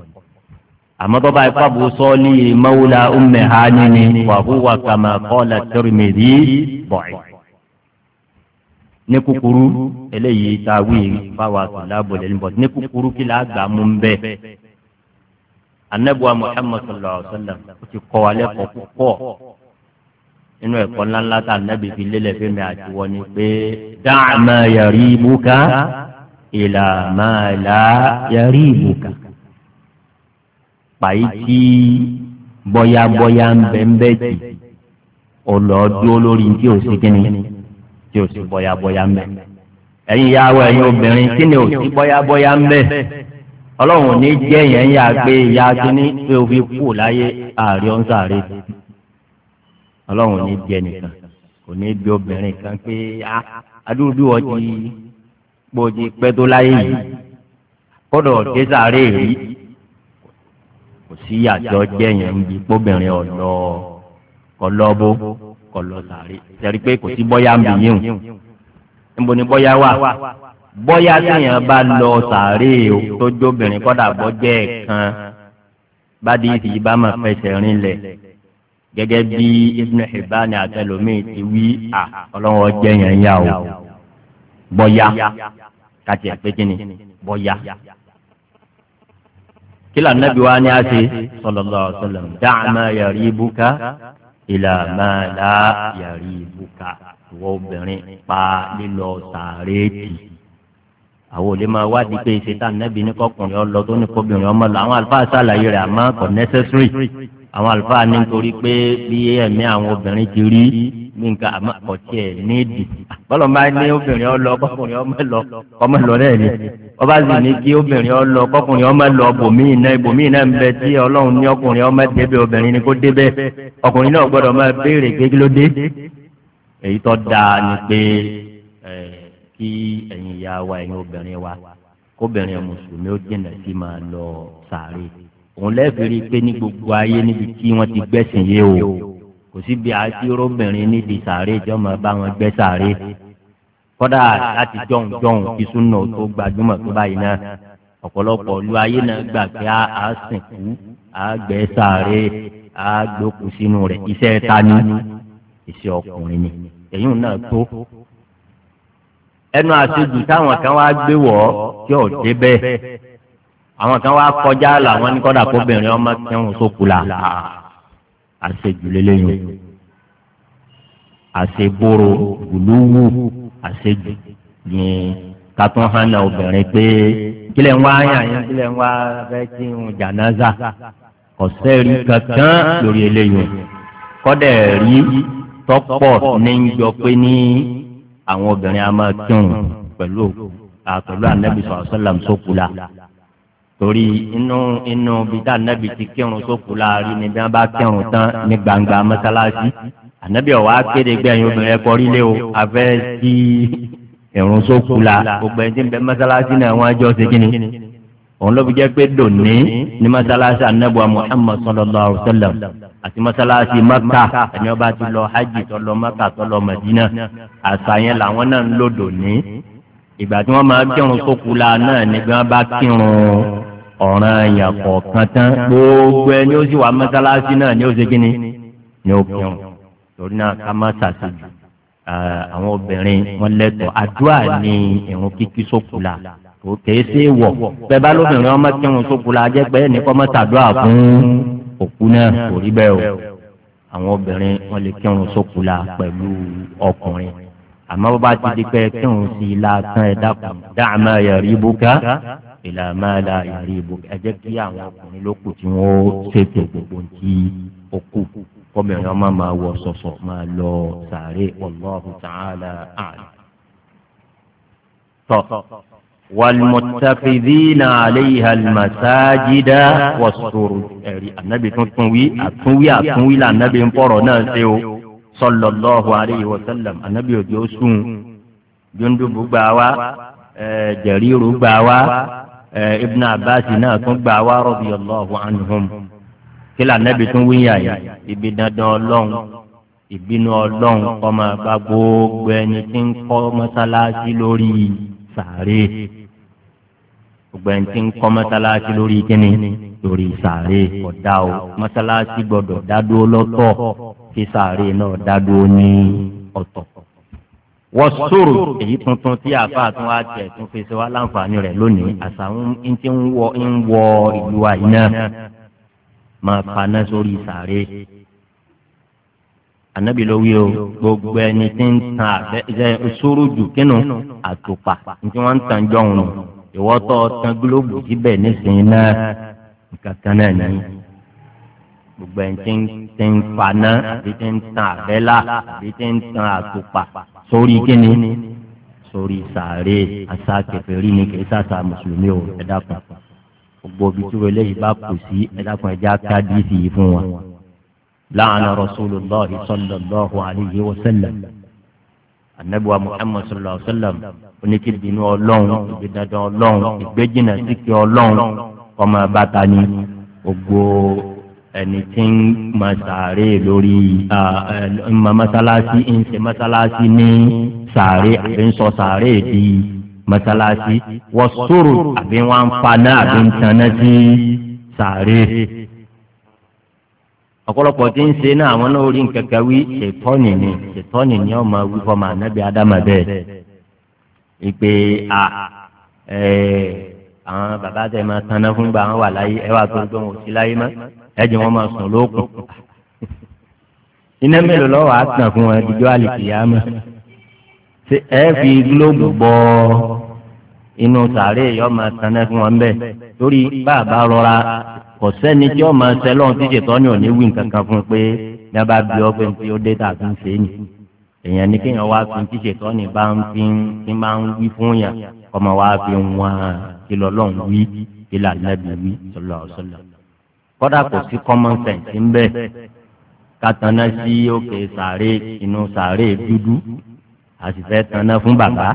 àmọ́ bàbá ifá bu sọ́ọ́lì mawla umme hanini wàhùwà kàmà kọ́lá Tirmidhi bọ̀ẹ̀ ní kúkúrú eléyìí tá a wí fáwọn àtúndà bọ̀lẹ̀ níbọ̀ ní kúkúrú kí la gbà mú bẹ́ẹ̀. anabuwa muhammad sallallahu alaihi wa sallam ó ti kọ́ alẹ́ kọ́ púpọ̀ inú ẹ̀kọ́ ńláńlá tá anabi fi lélẹ̀ fún mi àti wọ́n ni pé dáàmà yàrí ibùkà ìlàmà là yàrí ibùkà. pàyí tí bọ́yá bọ́yá ń bẹ́ẹ̀ bẹ́ẹ̀ jì ọ̀lọ́dún olórí tí ò sí kínní tí ò sí bọ́yábọ́yá ń bẹ̀. ẹ̀yin ìyàwó ẹ̀yin obìnrin tí ni ò sí bọ́yábọ́yá ń bẹ̀. ọlọ́run ò ní jẹ́ yẹn ń yà gbé ìyá kíní pé o fi kú láyé ààrẹ ọ̀nsàrè. ọlọ́run ò ní jẹ nìkan kò ní bí obìnrin kan pé adúlùbí wọ́n ti gbòdì pẹ́ tó láyé yìí kọ́dọ̀ désàárè rí kò sí àjọ jẹ́ yẹn ń bí pọ́bìnrin ọ̀dọ́ ọlọ́bó kọ lọ sàárè sẹ́rí pé kò sí bọ́yá ń bì yín o níbo ni bọ́yá wà bọ́yá téèyàn bá lọ sàárè o tó jóbìnrin kọ́dà bọ́jẹ́ kan bá di ìsìyí bá máa fẹsẹ̀ rinlẹ̀ gẹ́gẹ́ bí ibn hibban àtẹlómìn ti wí à ọlọ́wọ́ jẹ́ yẹn yá o bọ́yá kàtí àpéjìnì bọ́yá. kí lànà bí wàá ní àṣẹ sallallahu alaihi wasallam dáa máa yàrí ibùkà ìlànà àlá yàrá ìbùkà ìwọ obìnrin pa lílọ sàréètì àwọn ò lè máa wádìí pé ìṣètà nẹ́bí ní kọkùnrin ọlọ tó ní kọbìnrin ọmọ lọ àwọn àlùfáà ṣàlàyé rẹ̀ àmọ́ kò nẹ́sẹ̀sírì àwọn àlùfáà ní nítorí pé bí ẹ̀mí àwọn obìnrin ti rí ní nǹkan àmọ́ ọ̀tí ẹ̀ ní èdè. bọ́lọ̀ máa ní obìnrin ọ lọ kọkùnrin ọmọ lọ ọmọ lọ rẹ̀ ni ọba sì ní kí obìnrin ọ lọ kọkùnrin ọmọ lọ bòmíì náà bòmíì náà ń bẹ tí ọlọ́run ní ọkùnrin ọmọ débẹ̀ obìnrin ni kó débẹ̀ ọkùnrin náà gbọ́dọ̀ máa béèrè kékeré èyí tó dáa ni pé kí ẹ̀yin ìyá wa ẹ̀yin obìnrin wa kóbìnrin mùsùlùmí ó dènà sí máa lọ sàárè òun lẹ́ẹ̀fì rí i pé ní gbogbo ayé níbi tí wọ́n ti gbẹ̀sìn yé o kò sí bí àtìrọ́bìnrin nídìí sàárè ìjọba bá wọn gbẹ́ sàárè kọ́dà láti jọ̀hún jọ̀hún kí súnà tó gbajúmọ̀ tó báyìí náà ọ̀pọ̀lọpọ̀ lu ayé náà gbà pé a sìnkú a gbẹ́ sàárè a gbókùn sínú rẹ̀ iṣẹ́ ta ni iṣẹ́ ọkùnrin ni èyí náà tó ẹnu àṣejù táwọn kan wá gbé wọ̀ ọ́ tí ò dé bẹ́ẹ̀ àwọn kan wá kọjá làwọn ní kọ́dà kóbìnrin ọmọ kẹrùn sókùlà àṣejùlélẹ́yìn àṣeboro gbùlúwù àṣejù ní kàtún hànà obìnrin pé kílẹ̀ ń wá yàyàn kílẹ̀ ń wá fẹ́ kí n jànáza ọ̀sẹ̀ rí kankan lórí eléyìí kọ́dẹ̀ rí tọ́pọ̀ ní ń jọ pé ní àwọn obìnrin a máa kírun pẹ̀lú pẹ̀lú anabi sọ̀rọ̀ sọ́làm sókùlà torí inú inú bí tá ànábì ti kírun sókù láàrin ni bí wọn bá kírun tán ní gbangba mọ́sálásí ànábì ọ̀wá kéde gbẹ̀yìn obìnrin ẹ̀kọ́ rílé o afẹ́ sí ìrun sókù la gbogbo ẹni tí ń bẹ mọ́sálásí náà wọ́n á jọ ṣe kíni òun ló fi jẹ́ pé dòní ní mọ́sálásí ànábì Muhammad sallallahu alaihi wasallam àti mọ́sálásí mọ́kà ẹni ọba ti lọ hajj tó lọ mọ́kà tó lọ mẹ́dínà àṣà yẹn làwọn náà ń lò dòní ìgbà tí wọ́n máa kírun tó kú la náà ni bí wọ́n bá kírun ọ̀ràn èèyàn kọ̀ọ̀kan tán gbogbo ẹni ó sì wà mọ́sálásí náà ni ó ṣe kí ni ni ó kírun torí náà ká má ṣàṣejù àwọn obìnrin wọn lẹ́tọ̀ọ́ àdúrà ni ìrun kíkí sókù la kò kèé sí wọ̀ bẹ́ẹ̀ bá lóbìnrin ọmọ kírun sókù la jẹ́ pé ẹnì kan mọ́ ṣàdúrà fún òkú náà kò rí bẹ́ẹ̀ o àwọn obìnrin wọn lè kírun sókù la pẹ̀lú ọkùnrin àmọ́ bá ti di pé kí òun sì láàtàn ẹ̀dá kan dáàmà yàrá ibùkà ìlànà yàrá ibùkà ẹ jẹ́ kí àwọn ọkùnrin ló kù tí wọ́n ṣètò gbogbo ti òkú kọ́bìnrin ọmọ máa wọ sọ̀sọ̀ máa lọ sàárè wallahu ta'ala àlè. tọ́ wàlmọ̀tàfẹ́dínà àléhà màsájídá wọ̀sùrù ẹ̀rí ànábì tuntun wí àtúnwí àtúnwí là ànábì ń fọ̀rọ̀ náà ṣe o sallallahu alayhi wa sallam anabi òjò sùn dundubu gbà wá jẹ̀ríru gbà wá ibn abbas náà tún gbà wá radiyallahu anhum Kila anabi tún wíyà yìí ibi dandan ọlọ́run ìbínú ọlọ́run kó máa bá gbogbo ẹni tí ń kọ́ mọ́sálásí lórí sàárè gbogbo ẹni tí ń kọ́ mọ́sálásí lórí kíni lórí sàárè ọ̀dà o mọ́sálásí gbọ́dọ̀ dádúró lọ́tọ̀ kí sàárè náà dádúró ní ọ̀tọ̀. wọ́n sòrò èyí tuntun tí àáfàá tún wá jẹ́ tún fi ṣe wá láǹfààní rẹ̀ lónìí àṣàwọn ń ti ń wọ ìlú wa yìí náà máa paná sórí sàárè. ànábì ló wí o gbogbo ẹni tí ń tan àbẹ ẹ sòrò jù kínú àtùpà ní tí wọ́n ń tan jọ̀hún ìwọ́tọ̀ tan gílóòbù síbẹ̀ nísìnyí náà nǹkan kan náà nìyí gbogbo ẹni tí ń tí ń faná àbí tí ń tan àbẹ́là àbí tí ń tan àtùpà sórí kíni sórí sàárè àṣà kèfèrí ni kì í sàṣà mùsùlùmí o ẹ dákun gbogbo ibi tí wọlé yìí bá kù sí ẹ dákun ẹ já káàdì fún wa. láàánú rasulillah sallallahu alayhi wa sallam anabiwa muhammad sallallahu Alaihi wa sallam oníkìbínú ọlọ́run ìgbìdàdàn ọlọ́run ìgbéjìnà síkì ọlọ́run ọmọ bàtà ni gbogbo ẹni tí ń ma sàárè lórí ma masalasi ń ṣe masalasi ní sàárè àbí ń sọ sàárè di masalasi wọ́n sòrò àbí wọ́n ń paná àbí ń taná sí sàárè. ọ̀pọ̀lọpọ̀ tí ń ṣe náà àwọn náà orí nkankan wí ṣètọ́nì ni ṣètọ́nì ni ọmọ wí fọmọ ànábì ádámà bẹ́ẹ̀ ìpè à ẹ̀ẹ́ àwọn bàbá tẹ̀ máa taná fún gbà wọn wà láyé ẹ wà tó gbọ́n òsì láyé mọ́ ẹ̀jẹ̀ wọn máa sùn lókun iná mélòó lọ́wọ́ á tàn fún wọn ìdíjọ́ àlìkìyàmọ́ ṣe ẹ fi gílóòbù bọ inú sàárè yọ máa tanná fún wọn bẹ́ẹ̀ torí bàbá rọra kò sẹ́ni tí ó máa ṣe lọ́hùn tí ṣètọ́ ni ò ní wí nǹkan kan fún un pé ní a bá bí ọ pé tí ó dé tà fi ṣe é èèyàn ní kéèyàn wá fi tí ṣètọ́ ni bá ń fi ń máa ń wí fún yàn ọmọ wa fi ń wá kí lọ́lọ́run wí kí làlẹ́bí wí sọlọ́ọ̀sọlọ́ọ̀ kọ́dà kò sí common sense ń bẹ kátàná sí òkè sàárè inú sàárè dúdú àsìfẹ́ tanná fún bàbá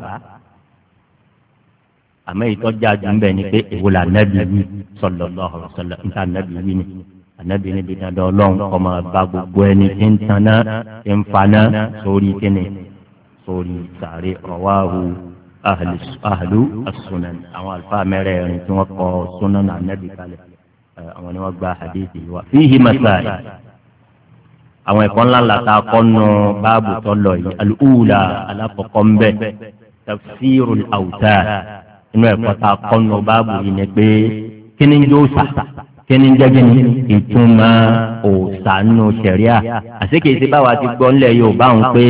àmọ́ ìtọ́jà jù ń bẹ ni pé èwo la nẹ́bi wí sallallahu alaihi wasallam níta nẹ́bi wí ni ànábì níbi dandan ọlọ́run kọ́ máa bá gbogbo ẹni tí ń tanná tí ń faná sórí kíni sórí sàárè rawahu ahlu asunan. sunan àwọn àlùfáà mẹ́rẹ̀ẹ̀rin tí wọ́n kọ sunan ànábì kalẹ̀. Eh, àwọn ni wọ́n gba hadith yìí wá. fihi masail àwọn ẹ̀kọ́ ńlá ńlá tá a kọ́ nù báàbù tó lọ yìí al-ula alákọ̀ọ́kọ́ ń bẹ̀ tafsirul awtar inú ẹ̀kọ́ tá a kọ́ nù báàbù yìí ni pé kíni ń jó sà kíni ń jẹ́gi ni ìtumọ̀ òòsà nù sẹ̀ríà àti kìí ṣe báwa ti gbọ́ ńlẹ̀ yóò bá wọn pé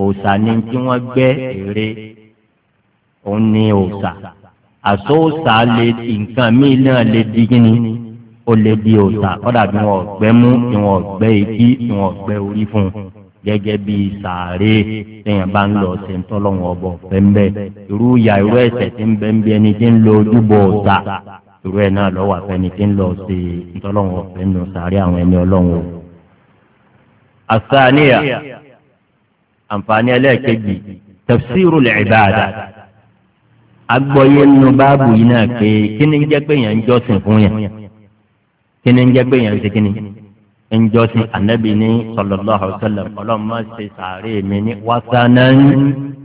òòsà ni tí wọ́n gbẹ́ èrè òun ni òòsà àsòòsà lè nǹkan míì lè di kíni ó lè di òòtà kọ́dà bí wọn ọ̀gbẹ́ mú bí wọn ọ̀gbẹ́ etí bí wọn ọ̀gbẹ́ orí fún un gẹ́gẹ́ bí sàárè lẹ́yìn bá ń lọ ṣe ń tọ́lọ́wọ́n ọbọ̀ pẹ́ńbẹ́ irú ìyá irú ẹ̀sẹ̀ tí ń bẹ́ ń bí ẹni tí ń lo ojúbọ òòtà irú ẹ̀ náà lọ́wọ́ àfẹ́ni tí ń lọ ṣe ń tọ́lọ́wọ́n ọ̀fẹ́ nù sàárè àwọn ẹni ọlọ́run àṣàníyà àǹfààní ẹlẹ́ẹ̀kejì tafsiru al-ibada nínú báàbù yìí náà pé kí ni jẹ́ pé yẹn ń jọ́sìn fún yẹn Kini ń jẹ́ pé èèyàn ṣe kíni ń jọ sí anabi ní sallallahu alaihi wasallam ọlọ́run máa ṣe sàárè mi ní wasanan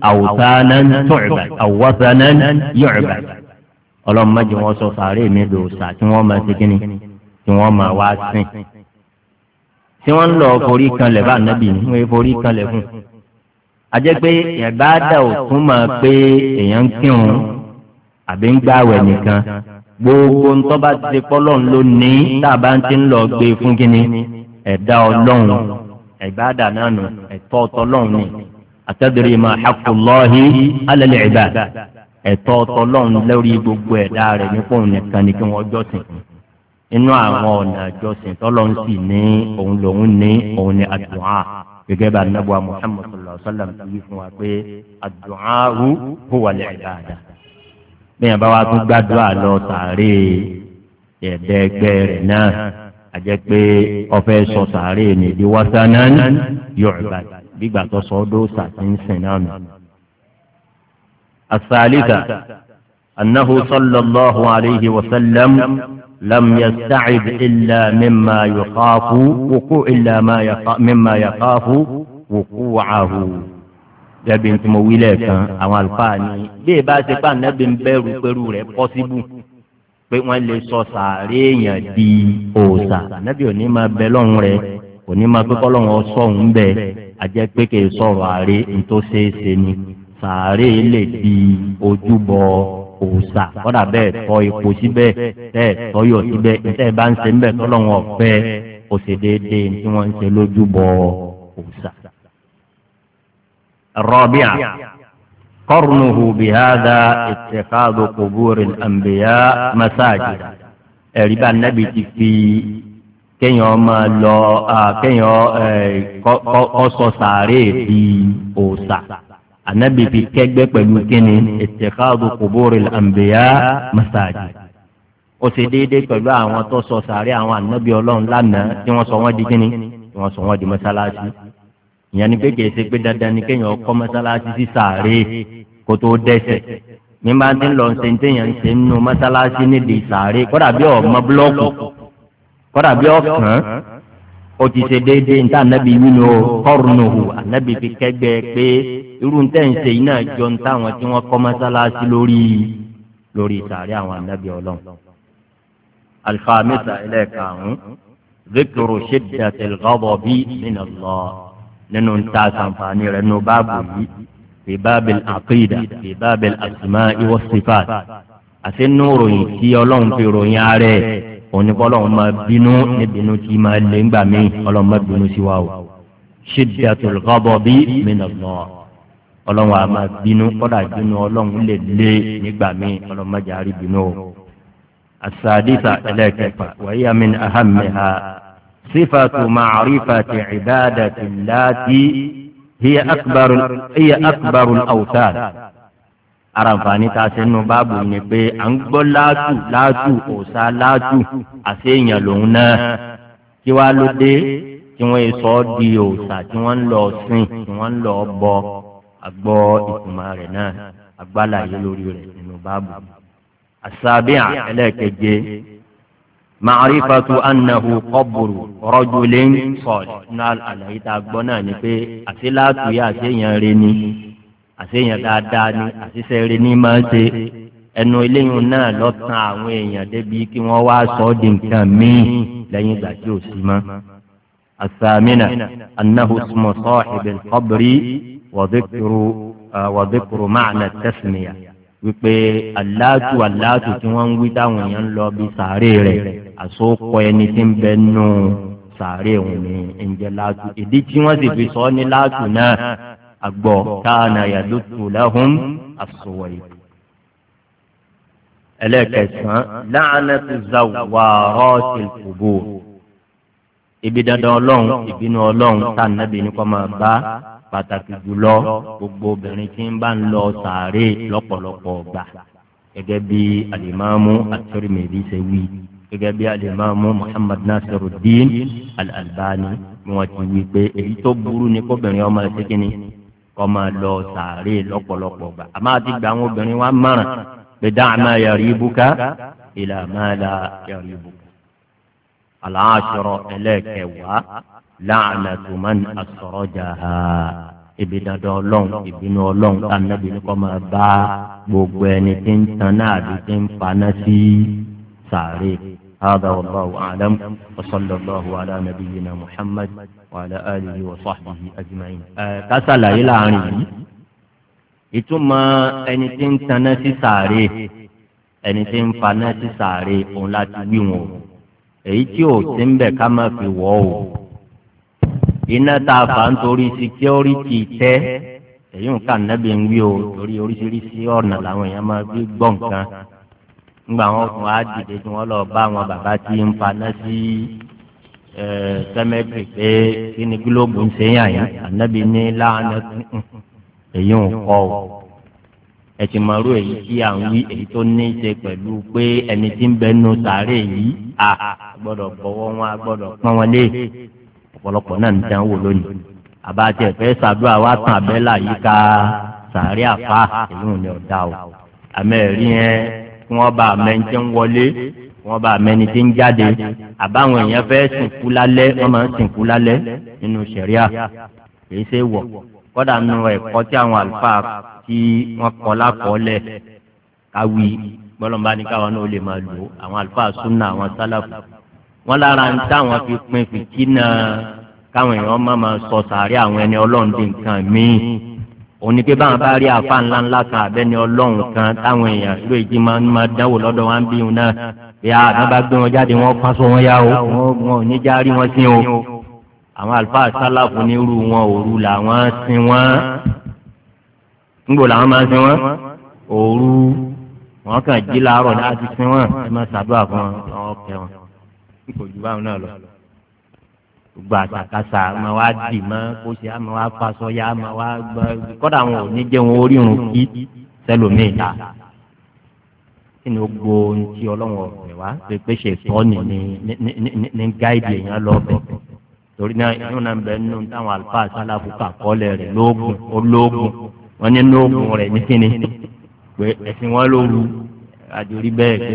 awusanan tu'ba awusanan yu'ba ọlọ́run máa jẹ wọ́n sọ sàárè mi lò sà tí wọ́n máa ṣe kíni tí wọ́n máa wá sìn tí wọ́n ń lọ forí kanlẹ̀ bá anabi ní wọ́n forí kanlẹ̀ fún un àjẹ́ pé ìbáàdà ò tún máa pé èèyàn ń kírun àbí ń gbààwẹ̀ gbogbo ntọ́ bá ti kọ́lọ́ ló ní tábà ti ń lọ gbé fún kínní ẹ̀dá ọlọ́run ìbádà náà nù ẹ̀tọ́ ọtọlọ́run ni àtẹ́dìrì máa haqqullahi ala al-ibad ẹ̀tọ́ ọtọlọ́run lórí gbogbo ẹ̀dá rẹ̀ nípò nìkan ni kí wọ́n jọ́sìn inú àwọn ọ̀nà àjọsìn tọ́lọ́run sì ní òun lòun ní òun ní àdùá gẹ́gẹ́ bá nàbọ̀ Muhammad sallallahu alaihi wasallam ti fún wa pé àdùá hu huwa al-ibada bẹ́ẹ̀ bá wa tún gbàdúrà lọ sàárè ẹ̀ẹ́dẹ́gbẹ́ rẹ̀ náà àjẹ́ pé ọ̀fẹ́ sọ sàárè ní ibi wasanan yorùbá gbígbà tó sọ ọdún sìn náà nù. الثالثة أنه صلى الله عليه وسلم لم يستعد إلا مما يخاف wuku إلا ما يخاف مما يخاف وقوعه gẹ́gẹ́ bí mo wí lẹ́ẹ̀kan àwọn àlùfáà ni bí ẹ bá ṣe pa ànábì ń bẹ̀rù pẹ̀lú rẹ̀ pọ́síbù pé wọ́n lè sọ sàárè èèyàn di òòṣà ànábì òní máa bẹ lọ́run rẹ̀ òní máa pé kọ́lọ́run ọsọ òun bẹ̀ àjẹ́ pé kì í sọ̀rọ̀ àárẹ̀ nító ṣeéṣe ni sàárè lè di ojúbọ òòṣà kọ́dà bẹ́ẹ̀ tọ́ ipò síbẹ̀ bẹ́ẹ̀ tọ́yọ̀ síbẹ̀ níta ẹ̀ bá ń ṣe ń bẹ̀ tọ́lọ́run ọ̀fẹ́ òṣèdéédéé tí wọ́n ń ṣe lójúbọ òòṣà. الرابعة قرنه بهذا اتخاذ قبور الأنبياء مساجد ẹ̀ríbà nẹ́bi ti fi kéèyàn máa lọ kéèyàn kọ́sọ sàárè di òòsà ànẹ́bi fi kẹ́gbẹ́ pẹ̀lú kíni اتخاذ قبور الأنبياء مساجد ó ṣe déédéé pẹ̀lú àwọn tó sọ sàárè àwọn ànẹ́bi ọlọ́run lánàá tí wọ́n sọ wọ́n di kíni tí wọ́n sọ wọ́n di mọ́sálásí ìyẹn ni pé kìí ṣe pé dandan ni kéèyàn kọ́ mọ́sálásí sí sàárè kó tó dẹ́sẹ̀ ní bá ń lọ ṣe ń téèyàn ṣe ń nu mọ́sálásí nídìí sàárè kọ́dà bí ọmọ búlọ́ọ̀kù kọ́dà bí ọ̀kan ó ti ṣe déédéé níta ànábì yìí ni ó kọ́rùnùhù ànábì fi kẹ́gbẹ́ pé irú ń tẹ̀sẹ̀ yìí náà jọ ń táwọn tí wọ́n kọ́ mọ́sálásí lórí lórí sàárè àwọn ànábì ọlọ́run. alifamisa ẹlẹ́ẹ̀karùn-ún zikuru shiddatil ghadabi min Allah nínú ta sànfàní rẹ̀ nínú báàbù yìí fi báàbù àkìdá fi báàbù àsìmá ìwọ sífà àti nínú ròyìn tí ọlọ́run fi ròyìn ààrẹ onífọlọ́run máa bínú níbínú tí máa lé ńgbà míì ọlọ́run máa bínú sí wa o ṣídìàtúl ghadabi minallah ọlọ́run àmà bínú kọ́dà bínú ọlọ́run lè lé nígbà míì ọlọ́run máa jàrí bínú o. àṣà àdìsá wàyí àmì àhàmì صفة معرفة عبادة التي هي أكبر هي أكبر الأوثان aranfani ta se nu baabu ni pé à ń gbọ́ láàtù láàtù òòṣà láàtù àṣeyàn lòun náà kí wàá ló dé tí wọ́n yẹ sọ ọ́ di òòṣà tí wọ́n ń lọ sìn tí wọ́n ń lọ bọ àgbọ́ ìtumọ̀ rẹ̀ náà agbálàyé lórí rẹ̀ nínú báàbù. àṣà bíi àtẹlẹ́kẹ̀jẹ́ màrífàtú anahu قبر rọjòlè ń sọlẹ náà àlàyé tá a gbọ́ náà ni pé àti látúyà àṣeyàn rẹ ni àṣeyàn dáadáa ni àṣìṣe rẹ ni máa ń ṣe ẹnu lọ́tàn àwọn èèyàn débi kí wọ́n wá sọ ọ́ di nǹkan míì lẹ́yìn ìgbà tí ò sí mọ́. الثامنة أنه اسم صاحب القبر وذكر, وذكر معنى التسمية wípé aláàtú aláàtú tí wọ́n ń wí táwọn èèyàn ń lọ bí sàárè rẹ̀ àsopọ̀ ẹni tí ń bẹ nù sàárè òun ní ẹ̀ǹjẹ̀ láàtú ìdí tí wọ́n sì fi sọ ọ́ ní láàtú náà àgbọ̀ káàna yàdùtù lẹ́hùn àsòwò yìí. ẹlẹ́kẹ̀sán láàánú ti zàwárọ̀ ti kùbù ibi dandan ọlọ́run ìbínú ọlọ́run tá a nàbí ní máa bá pàtàkì jùlọ gbogbo obìnrin tí ń bá ń lọ sàárè lọ́pọ̀lọpọ̀ gbà gẹ́gẹ́ bí alimami at-Tirmidhi ṣe wí gẹ́gẹ́ bí alimami Muhammad Nasiruddin al-Albani ni wọ́n ti wí pé èyí tó burú ni kóbìnrin ọmọ rẹ̀ ṣékìní kọ́ máa lọ sàárè lọ́pọ̀lọpọ̀ gbà àmọ́ àti gbà àwọn obìnrin wa mọ̀ràn pé dáhàmà yàrá ibùkà ìlàmà yàrá ibùkà. àlàáṣọrọ ẹlẹ́ẹ̀kẹwàá la'natu man asrajaha ibi dandan ọlọ́run ìbínú ọlọ́run tànàbí ni kò máa bá gbogbo ẹni tí ń tan náà àbí tí ń paná sí sàárè. هذا والله أعلم وصلى الله على نبينا محمد وعلى آله وصحبه أجمعين ká ṣàlàyé láàrin yìí ìtumọ̀ ẹni tí ń taná sí sàárè ẹni tí ń paná sí sàárè òun láti wí wọn èyí tí ò sí ń bẹ̀ ká má fi wọ́ o iná tá a fà ń torí security tẹ èyí ń kà nẹ́bí ń wí o torí oríṣiríṣi ọ̀nà làwọn èèyàn máa fi gbọ́ nǹkan ńgbà wọn kún á dìde tí wọn lọ bá àwọn bàbá tí ń paná sí sẹmẹtì pé kí ni gílóòbù ń ṣe yàn yín ànábì ní láàánú tuntun èyí ń kọ o ẹ èyí tí à ń wí èyí tó ní í ṣe pẹ̀lú pé ẹni tí ń bẹnu sàárè yìí a gbọ́dọ̀ bọ̀wọ́ wọn a gbọ́dọ̀ pọ́n wọn lé ọ̀pọ̀lọpọ̀ náà ń dán wò lónìí àbájẹ fẹ́ sàdúrà wá tàn abẹ́là yìí ká sàárè àfa èyí ò ní ọ̀dà o àmẹ́rí yẹn kí wọ́n bá mẹ́ńtẹ́ ń wọlé wọ́n bá mẹ́ni tí ń jáde àbáwọn èèyàn fẹ́ sìnkú lálẹ́ wọ́n máa ń sìnkú lálẹ́ nínú sẹ̀ríà kì í ṣe wọ̀ kọ́dà nù ẹ̀kọ́ tí àwọn àlùfáà tí wọ́n kọ́ lákọ́ọ́lẹ̀ káwí gbọ́dọ̀ bá ní káwọn náà ó lè máa lò àwọn àlùfáà súnà àwọn sálàfù wọn lára ń táwọn fi pin fìtínà káwọn èèyàn má máa sọ sàárẹ̀ àwọn ẹni ọlọ́run di nǹkan míì òní pé báwọn bá rí àfa ńlá ńlá kan abẹ́ni ọlọ́run kan táwọn èèyàn ló èjì máa ń máa dáwò lọ́dọ̀ wọn bí wọn náà bí àwọn bá gbé wọn jáde wọn fásọ wọn yá o wọn ò ní já rí wọn sí o àwọn àlùfáà sálàfù ní irú wọn òru làwọn sin wọn ńgbò làwọn máa sin wọn òru wọn kàn jí làárọ̀ láti sin wọn ẹ má ṣàdúrà fún wọn ọkẹ wọn kò jù báwọn náà lọ gbogbo àtàkàsà àmọ́ wa dì mọ́ kó ṣe wa fasọ ya àmọ́ wa gbọ́ kọ́dà àwọn ò ní jẹun orírun kí sẹlómìn ta kí ni ó gbó ti ọlọ́run ọ̀rẹ́ wa pé pé ṣe tọ́ ni ní gáìdì èèyàn lọ bẹ̀ torí náà inú náà bẹ nínú táwọn àlùfáà sálàfù kàkọ́lẹ̀ rẹ̀ lóògùn olóògùn wọn ní lóògùn rẹ̀ ní kíni pé ẹ̀sìn wọn ló wu àdórí bẹ́ẹ̀ pé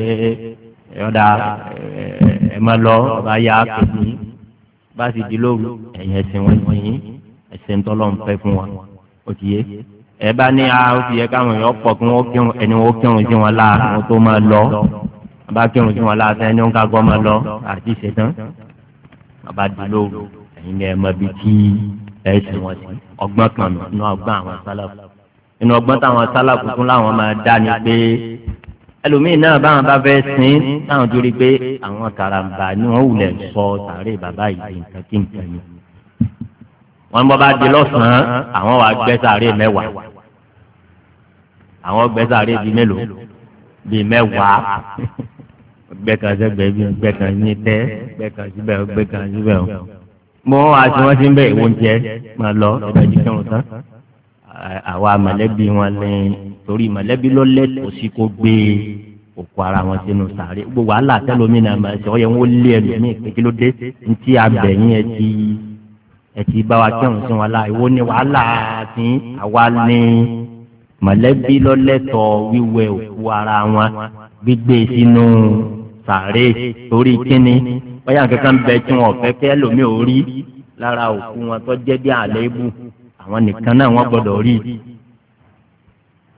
ọ̀dà ẹ̀ máa lọ ọba ya pẹ̀lú bá sì di lóru ẹ̀yìn ẹ̀sìn wọn ti yín ẹ̀sìn ń tọ́lọ́ ń fẹ́ fún wa ó ti yé ẹ bá ní a ó fi yẹ káwọn èèyàn pọ̀ kí wọ́n kírun ẹni wọ́n kírun sí wọn láà wọn tó máa lọ bá kírun sí wọn láà sẹ́yìn ní wọn ká gbọ́ máa lọ àti ìṣẹ̀tàn bàbá di lóru ẹ̀yin ni ẹ mọ ibi tí ẹ̀sìn wọn sí ọgbọ́n kan nù ọgbọ́n àwọn sálàkù inú ọgbọ́n táwọn sálàkù tún láwọn máa dá ni pé ẹlòmíì náà báwọn bá fẹ́ sin táwọn tó rí i pé àwọn karambà ni wọ́n wulẹ̀ sọ sàárè bàbá yìí nǹkan kí nǹkan ni. wọ́n bọ́ bá di lọ́sàn-án àwọn wàá gbẹ́ sàárè mẹ́wàá àwọn gbẹ́ sàárè bíi mélòó bíi mẹ́wàá gbẹ́ kan sẹ́gbẹ́ bí gbẹ́ kan ní tẹ́ gbẹ́ kan síbẹ̀ gbẹ́ kan síbẹ̀ mo àti wọn ti ń bẹ̀ ìwọ́n jẹ́ máa lọ ìdájí kẹwọn tán àwa mọ̀lẹ́bí wọn ní torí mọ̀lẹ́bí ló lẹ́tọ̀ọ́ sí kó gbé òkú ara wọn sínú sàárè gbogbo wàhálà tẹlómìnà máa ṣe ọyẹ wọn lé ẹlòmíì pé kí ló dé ntí abẹ̀yìn ẹ ti ẹ ti bá wa kẹrùn sí wọn la ìwọ ni wàhálà ti àwa ní mọ̀lẹ́bí ló lẹ́tọ̀ọ́ wíwẹ òkú ara wọn gbígbé sínú sàárè torí kíni bóyá kankan bẹ tí wọn fẹ́ kẹ́ ẹlòmíì ò rí lára òkú wọn tó jẹ́ bí àléébù àwọn nìkan náà wọ́n gbọ́dọ̀ rí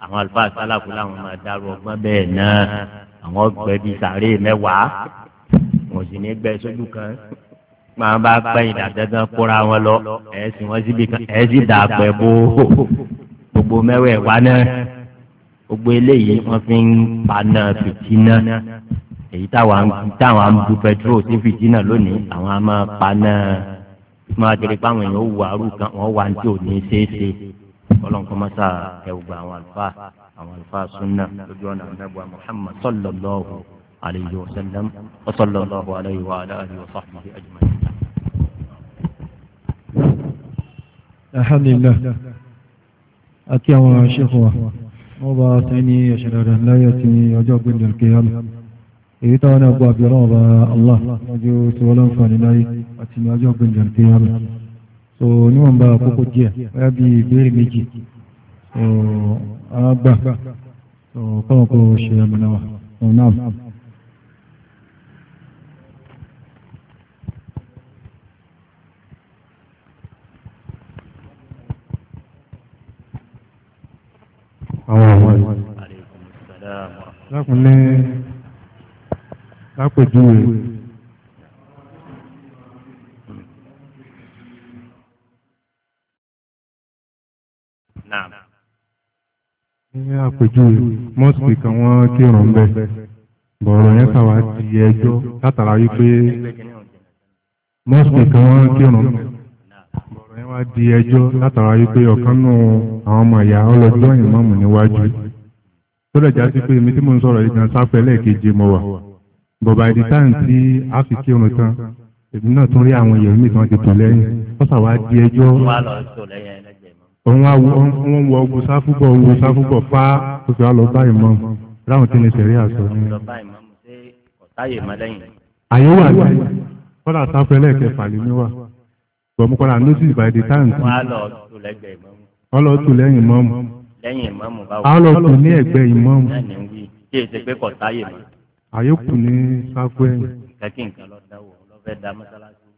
àwọn àlùfáà sálàfù làwọn máa dárú ọgbọ́n bẹ́ẹ̀ náà àwọn ọgbẹ́ bíi sàárè mẹ́wàá wọ́n sì ní gbẹ́ sójú kan máa bá pẹ́ ìdàdẹ́gán kóra wọn lọ ẹ̀ sì wọ́n síbi kan ẹ̀ sì dà pẹ́ bó gbogbo mẹ́wẹ̀ẹ́wá náà gbogbo eléyìí wọ́n fi ń paná fìtínà èyí táwọn ń bu pẹtrol sí fìtínà lónìí àwọn á paná máa tẹ̀lé pé àwọn èèyàn ó wà arú kan wọ́n wà ní òní ṣeéṣe ọlọ́nkọ́ mọ́sá ẹ̀wùgbà àwọn àlùfáà àwọn àlùfáà súnà lójú ọ̀nà àdàbọ̀ Muhammad sallallahu alayhi wa sallam wa sallallahu alayhi wa alayhi wa sahbihi ajma'in. alhamdulillah àti àwọn aṣèkọ̀wà wọ́n bá sẹ́ni ẹ̀ṣẹ̀ dáadáa láyé àti ọjọ́ gbẹ̀dẹ̀ kéyàmù èyí táwọn náà gbọ́ àbí ọlọ́wọ́ bá Allah lọ́jọ́ tí wọ́n lọ́nfà ní láyé àti ní ọjọ́ gbẹ̀ngàn tí yá so níwọ̀n bá àkókò díẹ̀ bóyá bí ìbéèrè méjì so àgbà so kọ́nà kó ṣe àmìnà wa ọ̀nà. Àwọn ọmọ rẹ̀. Lákùnrin. lápèjúwe. ní àpèjúwe mọ́sùlùmí kan wọ́n kírun bẹ́ẹ̀ bọ̀rọ̀ yẹn kàwá di ẹjọ́ látara wípé mọ́sùlùmí kan wọ́n kírun bọ̀rọ̀ yẹn wá di ẹjọ́ látara wípé ọ̀kan nù àwọn ọmọ ìyá ọlọ́jọ́ ìmọ̀ọ́mù níwájú tó lè já sí pé èmi tí mò ń sọ̀rọ̀ yìí gan sáfẹ́ lẹ́ẹ̀kejì mo wà. bọ̀bá ìdí táyìn tí a fi kí orin tán èmi náà tún rí àwọn èèyàn mi tí wọ́n ti tò lẹ́yìn wọ́n sà wá di ẹjọ́ òun wá wọ́n wọ ogun sáfúbọ̀ ogun sáfúbọ̀ fá oṣù àlọ́ báyìí mọ́ láwọn tí ní sẹ̀rí àṣọ ni. àyè wà ní kọ́lá sáfẹ́ lẹ́ẹ̀kẹfà lè mí wà bọ̀mú kọ́lá notice by the time. wọ́n lọ tù lẹ́yìn mọ́mù. lẹ́yìn mọ́mù báwo. a lọ tù ní ẹ̀gbẹ́ ìmọ̀mù. kí èsì pé kọ̀ táyè mọ́ àyókù ní sáfù ẹ̀yìn. kẹ́kí nǹkan lọ dáwọ́ ọlọ́fẹ́ dá mọ́sálásí.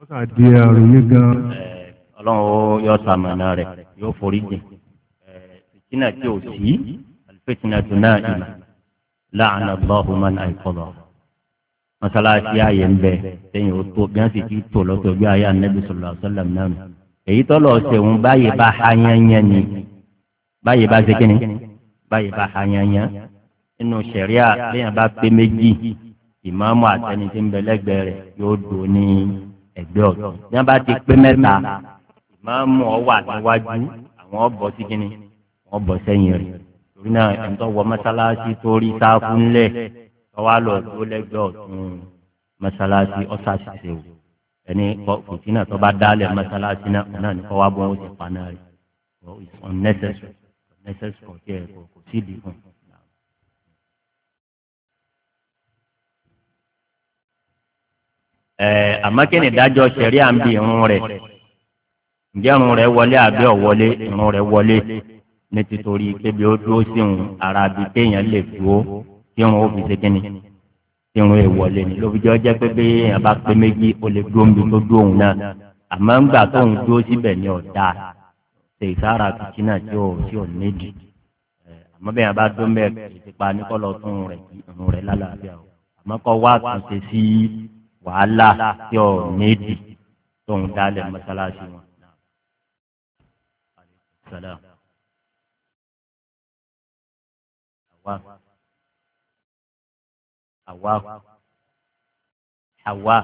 ó sà di àrùn yín gan. ọlọ́run ó yọ sàmọ̀nà rẹ̀ yóò forí jìn. fìtínà tí ò sí fìtínà tó náà ìmọ̀ láàánú ọlọ́run máa ń àìkọ́lọ́. mọ́sálásí ààyè ń bẹ sẹ́yìn ó tó bí wọ́n sì ti tò lọ́tọ̀ bí ayé anábì sọ̀rọ̀ àṣọlẹ̀m náà nù. èyí tọ́lọ̀ ṣẹ̀wọ̀n báyìí bá hayanyan ni báyìí bá ṣe báyìí bá hayanyan nínú sẹ̀ríà léèyàn bá pé méjì ìmáàmù àtẹni tí ń bẹ lẹ́gbẹ̀ẹ́ rẹ̀ yóò dò ní ẹ̀gbẹ́ ọ̀tún. bí wọ́n bá ti pé mẹ́ta ìmáàmù ọwọ́ àtiwájú àwọn ọ̀bọ̀ sí kínní wọ́n bọ̀ sẹ́yìn rẹ̀. torí náà ẹ̀ńtọ́ wọ mọ́sálásí tó rí sáfù ńlẹ̀ tọ́wá lọ tó lẹ́gbẹ́ ọ̀tún mọ́sálásí ọ̀sàṣìṣe o. ẹni kòtínà tó bá dálẹ̀ mọ́sálásí náà ní kọ́wá bọ́ ó ti paná rẹ̀. unnecessary unnecessary kò ẹ àmọ́ kí ni ìdájọ́ sẹ̀rí à ń bi irun rẹ̀ ǹjẹ́ irun rẹ̀ wọlé àbí ọ̀wọlé irun rẹ̀ wọlé ní títorí kébi ó dúró sí òun ara àbí téèyàn lè dúró tí irun ó fi ṣe kí ni tí irun rẹ̀ wọlé ni lóbi jọ jẹ́ pé bí èèyàn bá pé méjì ó lè dúró níbi tó dúró òun náà àmọ́ ńgbà tóun dúró síbẹ̀ ni ọ̀dà ṣe ìsára kìkì náà tí ò tí ò nídìí àmọ́ bẹ́ẹ̀ bá dún bẹ́ẹ̀ kì ní kọ́lọ́ tún rẹ̀ irun rẹ̀ lálàáfíà àmọ́ kọ́ wá àtúnṣe sí i wàhálà tí ò ní dì tó ń dálẹ̀ mọ́sálásí wọn. Àwa Àwa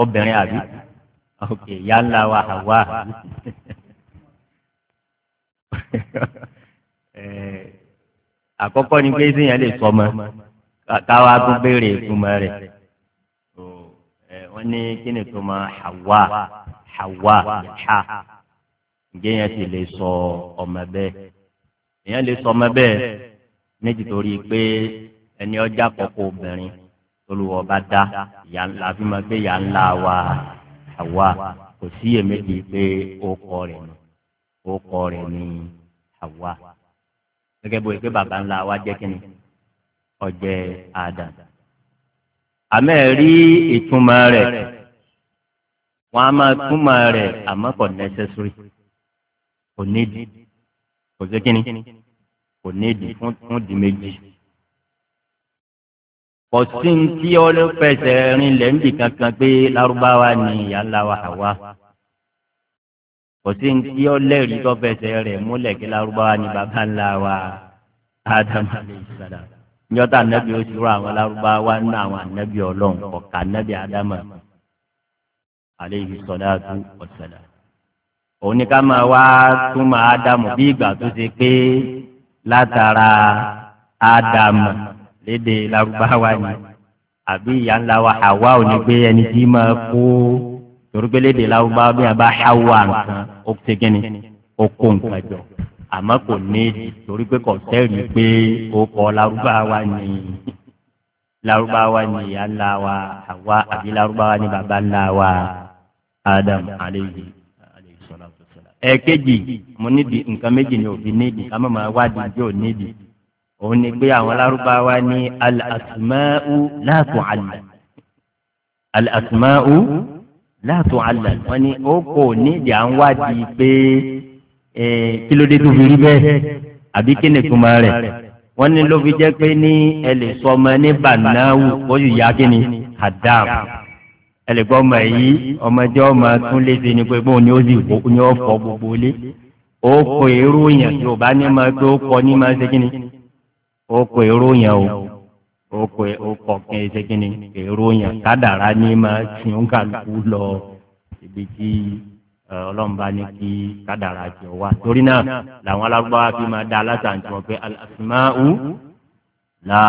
obìnrin àbí òkè ìyá ńlá wa Àwa eh, àkọ́kọ́ ni pé sèèyàn lè sọ ọmọ káwa tún béèrè ìtumọ̀ rẹ̀ wọ́n ní kí ni tó máa hawa hawa ha ǹjẹ́ yẹn ti lè sọ ọmọ bẹ́ẹ̀ èèyàn lè sọ ọmọ bẹ́ẹ̀ méjì torí pé ẹni ọjà kọ́kọ́ obìnrin olùwọ́ bá dá ìyá ńlá fi máa gbé ìyá wa hawa kò sí èméjì pé ó kọ rẹ̀ ni ó kọ rẹ̀ ni hawa gẹ́gẹ́ bó ṣe bàbá ńlá wa jẹ́ kí ni ọjẹ́ adam àmọ́ ẹ rí ìtumọ̀ rẹ̀ wọ́n á máa túmọ̀ rẹ̀ àmọ́ kò necessary kò nídìí kò sí kíni kò nídìí fún fún di méjì kò sí ní tí ó lè fẹsẹ̀ rin lẹ́ńdì kankan pé lárúbáwá ni ìyá ńlá wa wá kò sí ní tí ó lẹ́rìí tó fẹsẹ̀ rẹ̀ múlẹ̀ kí lárúbáwá ni bàbá ńlá wa ádámù alayhi salam nyọta anabi osoro àwọn alárúbáwá nínú àwọn anabi ọlọ́run ọ̀ka anabi adama aleyhi sọdáàtú ọ̀sẹ̀lá òun ni ká máa wá túmọ̀ ádámù bí ìgbà tó ṣe pé látara ádámù ni àbí ìyá wa àwa ò ní pé ẹni tí máa kó torí pé léde lárúbáwá bí wọn bá háwà nǹkan ni ó kó nǹkan jọ àmọ́ kò ní torí pé kò pé ó kọ Lárúbáwá ni Lárúbáwá ni ìyá ńlá wa àwa àbí Lárúbáwá ni bàbá ńlá wa Adam aleyhi aleyhi sọlá sọlá. ẹ̀ẹ́kejì mo níbi nǹkan méjì ni òbí níbi ká má máa wádìí tí ò níbi òun ni pé àwọn Lárúbáwá ní al-asma'u la tu'allal al-asma'u la tu'allal wọ́n ní ó kò nídìí à ń wádìí pé. Eh, kí ló dé tó fi rí bẹ́ẹ̀ àbí kí ni rẹ̀ wọ́n ní ló fi jẹ́ pé ní ẹ lè ní ó sì yá kí ni adam ẹ lè yìí ọmọdé ọmọ tún lé sí ni pé bóun ni ó sì gbogbo lé ó yẹn tí ò bá ní kọ ní ṣe kí o ó ó kọ kí ṣe kí ni yẹn kádàrá ọlọ́run bá ní kí kádàrà jẹ wá torí náà làwọn alágbára fi máa da alátàntàn pé al-asma'u la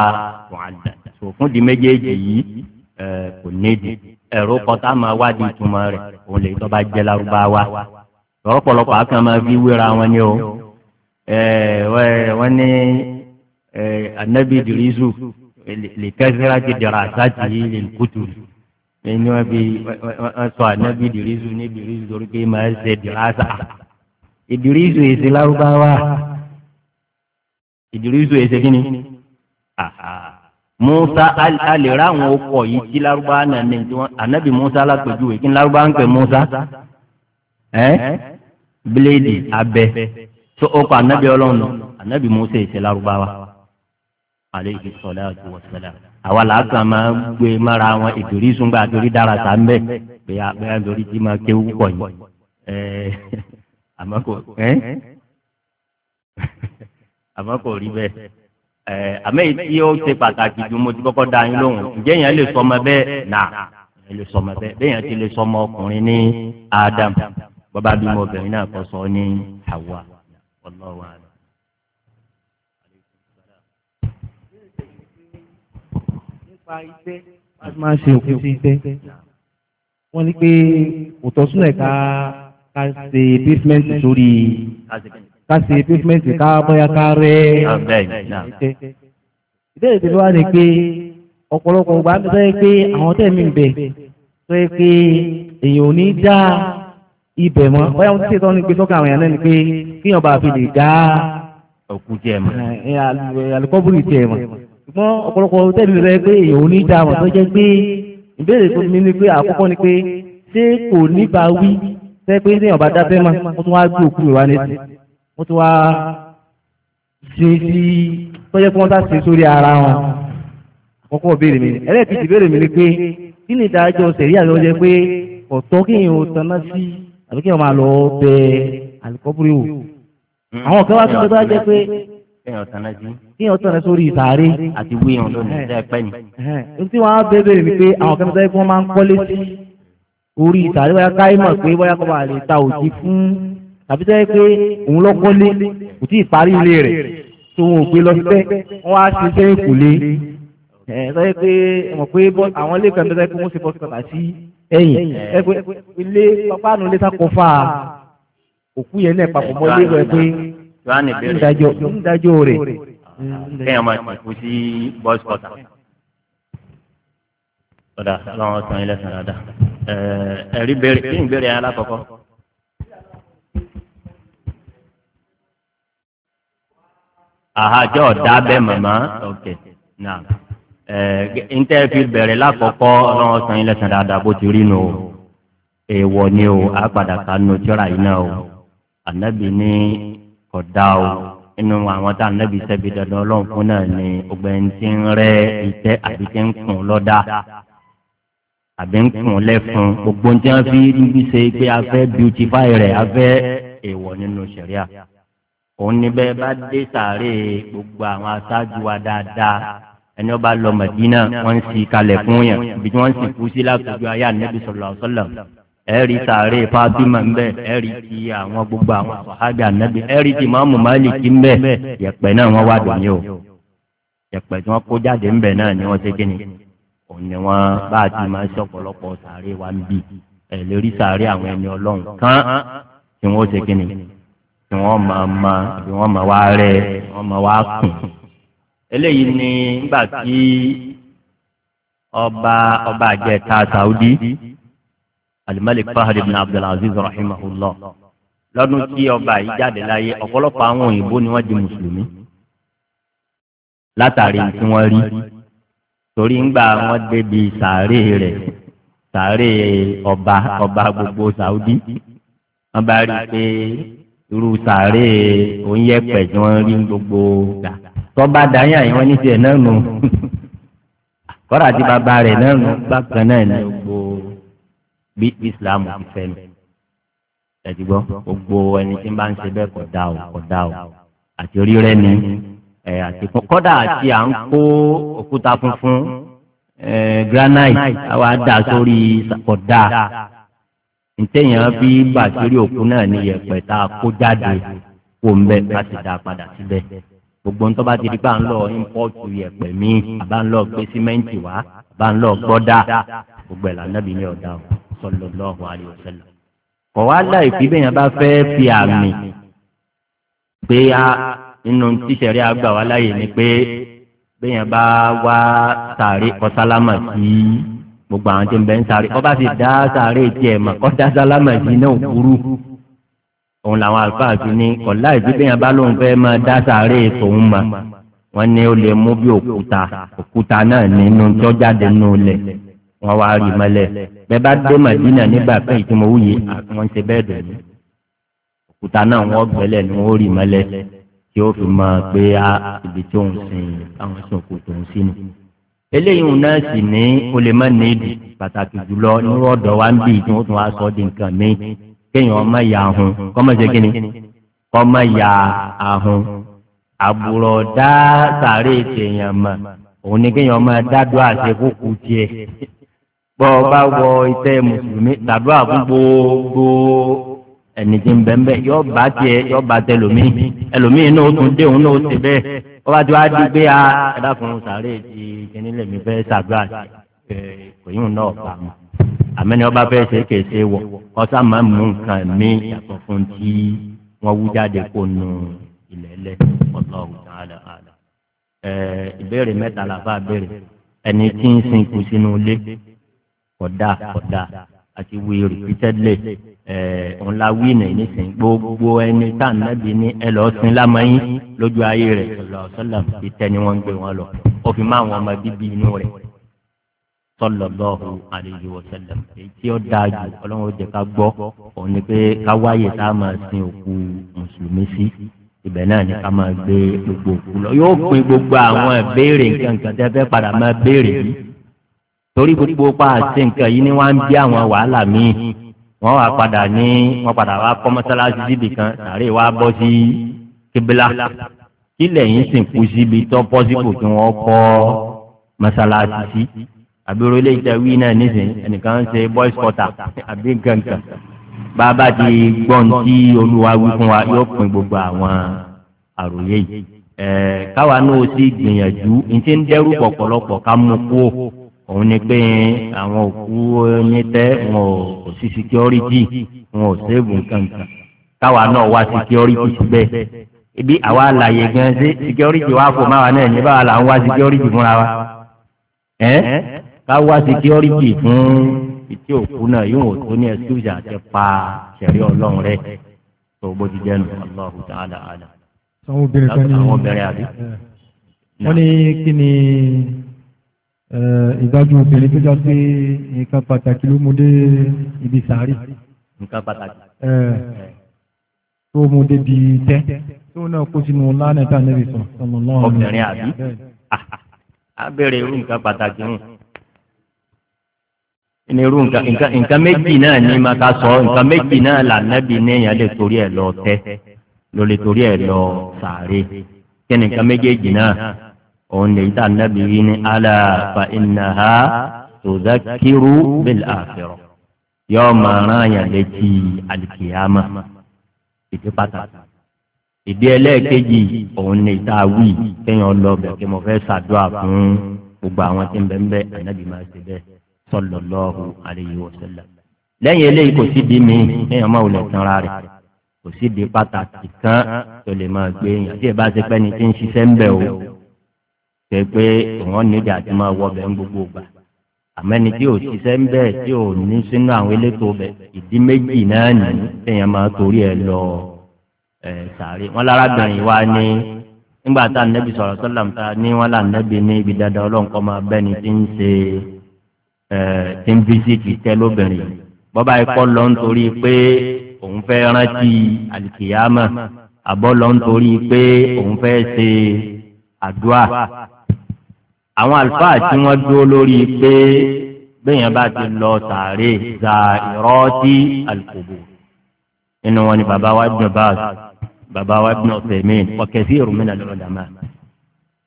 mu'addad so fún di méjèèjì yìí kò nídi ẹ̀rọ kọta máa wádìí ìtumọ̀ rẹ̀ òun lè tọ́ bá jẹ́ lárúbáwá lọ́pọ̀lọpọ̀ àkàn máa fi wéra wọn ni o wọ́n ní anabi idrisu lè kẹ́sìrá ti dàrá àtàtì lè kútùrù ẹni wọn fi wọn sọ ànábì ìdìrísù ní ìdìrísù torí pé màá ṣe ìdìrásà ìdìrísù èsì lárúbáwá ìdìrísù èsì kínní musa alẹ rà àwọn ọkọ yìí tí lárúbáwá náà ní ìdíwọn ànábì musa alápèjúwe kí lárúbáwá ń pè musa ẹ bíléèdì abẹ tó ọkọ ànábì ọlọ́run ànábì musa èsì lárúbáwá aleyhi sọlá àti wàsálàmù àwa làákàn máa ń gbé mọ́ra wọn ìdòrí sunba àdòrí dára sá ń bẹ̀ pé abẹ́rẹ́ lórí tí máa kéwú pọ̀ yìí àmọ́ kò àmọ́ kò rí bẹ́ẹ̀ àmọ́ èyí tí ó ṣe pàtàkì ju mo ti kọ́kọ́ da yín lóhùn ǹjẹ́ yẹn lè sọmọ bẹ́ẹ̀ nà lè sọmọ bẹ́ẹ̀ bẹ́ẹ̀ yẹn ti lè sọmọ ọkùnrin ní Adam bàbá bímọ obìnrin náà kọ́ sọ ní Hawa ọlọ́wàá. nípa iṣẹ́ láti máa ṣe òfin sí iṣẹ́. wọ́n ní pé òtọ́ súnà ká ká ṣe pavement sórí ká ṣe pavement ká bóyá ká rẹ́ iṣẹ́. ìbéèrè tí wọ́n á ní pé ọ̀pọ̀lọpọ̀ gbà tó yẹ pé àwọn tẹ̀mí ń bẹ̀ tó yẹ pé èèyàn ò ní dá ibẹ̀ mọ́ bóyá wọ́n ti ṣètò ní pé sọ́kà àwọn èèyàn náà ni pé kíyàn bá fi lè dá òkú jẹ́ mọ́ alùpùpù jẹ́ mọ́ ṣùgbọ́n ọ̀pọ̀lọpọ̀ tẹ́lẹ̀ rẹ pé èèyàn ò ní dá àwọn tó jẹ́ pé ìbéèrè fún mi ni pé àkọ́kọ́ ni pé ṣé kò ní bá wí tẹ́ pé ní ọ̀bá dábẹ́ mọ́ wọ́n tún wá gbé òkú ìwà nítì wọ́n tún wá ṣe sí tó jẹ́ pé wọ́n tàṣe sórí ara wọn àkọ́kọ́ ìbéèrè mi ẹlẹ́ẹ̀kejì ìbéèrè mi ni pé kí ni ìdájọ́ sẹ̀rí àjọ jẹ́ pé ọ̀tọ̀ kí n ò taná sí àbí kí máa lọ bẹ àlùkọ́bùrì wò hmm. àwọn kan wá tó kéèyàn tán náà sí kéèyàn tán náà sórí ìtàrí àti wíyàn lónìí ṣe pẹ́ ni. n tí wọ́n á bèbèrè ni pé àwọn kẹ́mi sẹ́yìn fún wọn máa ń kọ́lé sí orí ìtàrí wáyà káyé mọ̀ pé wáyà kọ́ lè ta òjì fún tàbí sẹ́yìn pé òun lọ kọ́lé kò tí ì parí ilé rẹ̀ tó wọn ò gbé lọ síbẹ̀ wọ́n á ṣe sẹ́yìn kò lé ẹ̀ sẹ́yìn pé mọ̀ pé àwọn ilé kan tẹ́tẹ́ pé wọ́n ṣe fọ́ ẹ̀yìn ẹ pé ilé pápánu ilé sákòófà òkú yẹn náà papọ̀ pé yohane bèrè ńdájọ́ rẹ̀ kéèyàn máa tẹ̀kú sí bọ́ọ̀sì kọ́tà. ọ̀dà ọlọ́run ọ̀sán ilé sàn dáadáa ẹ̀rí bèrè kí n bèrè alákọ̀ọ́kọ́. àhájọ ọ̀dà bẹ́ẹ̀ màmá ok náà ẹ̀ ń tẹ́ fi bẹ̀rẹ̀ lákọ̀ọ́kọ́ ọlọ́run ọ̀sán ilé sàn dáadáa bó ti rí nù o èèwọ̀ ni o àpàdàkà nù tíra yìí náà o ànábì ní kọ̀dá o inú àwọn tá a nẹ́bi sẹ́bi dandan ọlọ́run fún náà ni ọgbẹ́ni ti ń rẹ́ ìtẹ́ àbí ti ń kùn lọ́dá àbí ń kùn lẹ́fun gbogbo ní wọ́n fi níbi ṣe pé a fẹ́ beautify rẹ̀ a fẹ́ èèwọ̀ nínú sẹ̀ríà òun ni bẹ́ẹ̀ bá dé sàárè gbogbo àwọn aṣáájú wa dáadáa ẹni ọba lọ mọ̀dínà wọ́n ń sì kalẹ̀ fún yàn ibi tí wọ́n ń sì kú sí látọjú ayé ànẹ́bí sọ̀rọ̀ àwòsọ̀lọ̀ ẹ̀rí sàárè Fátímà ń bẹ̀ ẹ̀rí ti àwọn gbogbo àwọn sàhábà Ànábì ẹ̀rí ti Ìmáàmù Málíkì ń bẹ̀ yẹ̀pẹ̀ náà wọ́n wá dùn yìí o yẹ̀pẹ̀ tí wọ́n kó jáde ń bẹ̀ náà ni wọ́n ṣe kí ni òun ni wọ́n bá a ti máa ń ṣọ̀pọ̀lọpọ̀ sàárè wa ń bì ẹ̀ lórí sàárè àwọn ẹni Ọlọ́run kan tí wọ́n ṣe kí ni tí wọ́n máa ma tí wọ́n máa wá rẹ̀ wọ́n máa wá kùn eléyìí ni Saudi alimalik fahad ibn abdulaziz rahimahullah lọ́dún tí ọba yìí jáde láyé ọ̀pọ̀lọpọ̀ àwọn òyìnbó ni wọ́n di mùsùlùmí látàrí tí wọ́n rí torí ńgbà wọ́n débi sàárè rẹ̀ sàárè ọba ọba gbogbo Saudi wọ́n bá rí i pé irú sàárè oníyẹ̀pẹ̀ tí wọ́n rí gbogbo gbà tọ́ba dáyà yìí wọ́n ní tiẹ̀ náà nù kọ́ra tí bàbá rẹ̀ náà nù bákan náà ní gbogbo bí islam ti fẹ́ mi. ẹ̀dí gbọ́ gbogbo ẹni tí ń bá ń ṣe bẹ́ẹ̀ kọ̀ dá o kọ̀ dá o àti orí ni ẹ̀ àti kọ́dà àti à ń kó òkúta funfun granite àwa dà sórí kọ̀ dá ntẹ̀yìn fi bàtírí òkú náà ní yẹ̀pẹ̀ tá a kó jáde kó ń bẹ̀ ká dá a padà síbẹ̀ gbogbo ntọ́ bá ti di pé à ń lọ ímpọ́ọ̀tù yẹ̀pẹ̀ míì àbá ń lọ gbé símẹ́ǹtì wá àbá ń lọ gbọ́dá gbogbo ẹ̀ lànà bí ní ọ̀dà o sallallahu alayhi wa sallam. kọ̀wá láì fi bẹ́ẹ̀ yẹn bá fẹ́ fi àmì pé a nínú tíṣẹ̀rí àgbà wa láyè ni pé bẹ́ẹ̀ yẹn bá wá sàárè kọ́sálámà sí gbogbo àwọn tí ń bẹ ń sàárè kọ́ bá sì dá sàárè tiẹ̀ mọ̀ kọ́ dá sálámà sí náà kúrú òun làwọn àlùfáà fi ní kọ̀lá ìdílé yẹn bá lóun fẹ́ máa dá sàárè tòun mọ̀ wọ́n ní ó lè mú bí òkúta òkúta náà nínú tó jáde nínú ilẹ̀ wọn wá rí mọ́lẹ̀ bẹ́ẹ̀ bá dé Madina nígbà pé ìtumọ̀ wúyẹ wọn ti bẹ́ẹ̀ dùn ní òkúta náà wọn gbẹ́lẹ̀ ni wọn ó rí mọ́lẹ̀ tí ó fi máa gbé á ibi tí òun sìn àwọn sọ̀kò tó ń sínú. eléyìí náà sì ní o lè má ní ìdí pàtàkì jùlọ nírú ọ̀dọ̀ wa ń bì tí wọ́n tún wá sọ di nǹkan míì kéèyàn ọmọ ya ahun kọ́mọ ṣe kí ni kọ́mọ ya ahun àbúrò dá sàárè tèèyàn mọ̀ òun ni kéèyàn ọmọ dá dúà ṣe kókó tiẹ̀ bọ́ ọ bá wọ iṣẹ́ mùsùlùmí tàdúrà fún gbogbo ẹni tí ń bẹ̀ ń bẹ̀ yọ bá tiẹ̀ yọ bá tẹ lómi ẹlòmí náà tún dé òun náà ti bẹ́ẹ̀ ọba tí wàá di pé a ẹ̀dá fún sàárè ti kíní lèmi fẹ́ sàdúrà ẹ̀ kò yín náà bá wọn àmẹ́ni ọba fẹ́ ṣe kéṣe wọ ọ̀sá máa mú nǹkan mi yàtọ̀ fún tí wọ́n wú jáde kó nu ilẹ̀ lẹ̀ ọlọ́run tààlà àlà. ìbéèrè mẹ́ta làbá béèrè ẹni tí kọ̀dá kọ̀dá àti wíìrì pítẹ́lẹ̀ òun la wí ní nísìnyí gbogbo ẹni tá à nábì ní ẹ lọ sin lámọ́yìn lójú ayé rẹ̀ sọlọ ìtẹ́ ni wọ́n ń gbé wọn lọ ó fi má àwọn ọmọ bíbí inú rẹ̀ sọlọ lọ́hù àlejò ọ̀sẹ̀lẹ̀ èyí tí ó dáa jù ọlọ́run ó jẹ́ ká gbọ́ òun ni pé ká wáyè tá a máa sin òkú mùsùlùmí sí ibẹ̀ náà ni ká máa gbé gbogbo òkú lọ yóò pin gbogbo àwọn ìbéèrè nǹkan nǹkan tẹ́ fẹ́ padà máa béèrè yìí torí gbogbo pa àti nǹkan yìí ni wọ́n á ń bí àwọn wàhálà míì wọ́n wá padà ní wọ́n padà wá kọ́ mọ́sálásí síbi kan sàárè wá bọ́ sí kébélà kí lẹ́yìn sì kú síbi tó pọ́sibù tí wọ́n kọ́ mọ́sálásí sí àbúrò ilé ìtẹ̀wé náà nísìnyí ẹnìkan ń ṣe boys quarter àbí gangan bàbá ti gbọ́n tí olúwa wí fún wa yóò pin gbogbo àwọn àròyé yìí ẹ̀ káwa náà sì gbìyànjú ní ti ń dẹ́rù pọ̀pọ̀lọpọ̀ ká mú kú o òun ni pé àwọn òkú onítẹ wọn ò sí security wọn ò sẹ́ẹ̀bù kankan káwa náà wá security síbẹ̀ ibi àwa àlàyé gan ṣe security wa fò máwa náà ní báwa là ń wá security fúnra wa ẹ ká wá security fún ìtí òkú náà yóò wò tó ní excuse àti pa ṣẹ̀rí ọlọ́run rẹ̀ tó bó ti jẹ́ nù Allahu ta'ala. àwọn obìnrin kan ní wọ́n ní kí ni. Eh, ìdájú obìnrin tó já pé nǹkan pàtàkì ló mú dé ibi sàárì. nǹkan pàtàkì. Eh, tó mú dé di tẹ́ tó náà kó sínú lánàá tá a nẹ́bi sọ. obìnrin àbí ah, a bẹ̀rẹ̀ irú nǹkan pàtàkì hùn. ní irú nǹkan méjì náà ní ma ká sọ nǹkan méjì náà là nẹ́bi ní èèyàn lè torí ẹ̀ lọ tẹ́ ló lè torí ẹ̀ lọ sàárè kí ni nǹkan méjèèjì náà òun lè ta nàbí yìí ní ala fa innaha tudhakiru bil akhirah yóò máa rán yàn létí alikiyama ìdí pàtàkì ìdí ẹlẹ́ẹ̀kejì òun lè ta wí kéèyàn lọ bẹ̀ kí mo fẹ́ ṣàdúrà fún gbogbo àwọn tí ń bẹ ń bẹ ànábì máa ṣe bẹ́ẹ̀ sallallahu alayhi wa sallam eléyìí kò sídìí mi kéèyàn máa wulẹ̀ tanra rẹ̀ kò sídìí pàtàkì kan tó lè máa gbé yàn tí bá ti pẹ́ ni tí ń ṣiṣẹ́ ń bẹ̀ o ṣe pé ìwọ́n nídìí àti máa wọ bẹ́ẹ̀ ń gbogbo gbà àmẹ́ni tí ò ṣiṣẹ́ ń bẹ́ẹ̀ tí ò ní sínú àwọn elétò bẹ̀ ìdí méjì náà nì téèyàn máa torí ẹ lọ ẹ sàárè wọn lárábìnrin wa ní nígbà tá ànábì sọ̀rọ̀ sọ́làm ta ní wọn là ànábì ní ibi dáadáa ọlọ́run kọ́ máa bẹ́ni tí ń ṣe ẹ tí ń bísíkì tẹ́ lóbìnrin bọ́bá ikọ́ lọ nítorí pé òun fẹ́ rántí àlìkìyámà àbọ̀ lọ nítorí pé òun fẹ́ ṣe àdúrà àwọn àlùfáà tí wọ́n dúró lórí pé bẹ́ẹ̀yàn bá ti lọ tààrí za ìrọ́tí àlùkòbò inú wọn ni bàbá wa ibn Baz bàbá wa ibn Uthaymin wa kathirun min al-ulama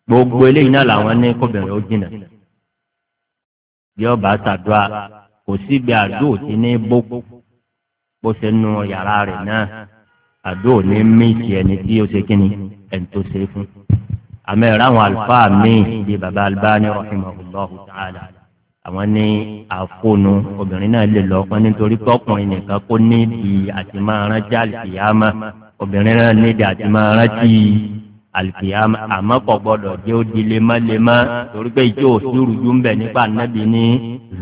gbogbo eléyìí náà làwọn ní kọ́bẹ̀rẹ̀ ó jìnà bí ọba àtàdúrà kò síbi àdó tí ní bó bó ṣe nu yàrá rẹ̀ náà àdó ní méjì ẹni tí ó ṣe kíni ẹni tó ṣe fún àmọ́ ẹ̀rọ àwọn àlùfáà míì bíi baba Albani rahimahullahu ta'ala àwọn ní àfonu obìnrin náà lè lọ pọn nítorí tọkùnrin nìkan kó níbi àti máa rántí àlùkìyàmá obìnrin náà níbi àti máa rántí àlùkìyàmá àmọ́ kò gbọ́dọ̀ jẹ́ ó di lemálema torí pé ìjọ òsúrù ju ń bẹ̀ nípa nábì ní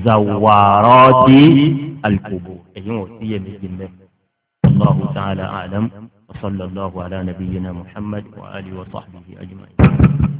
zawarọ́ọ̀tì alqubur èyí wọn ò sí iyèméjì mẹ́. Allahu ta'ala a'lam. وصلى الله على نبينا محمد وآله وصحبه أجمعين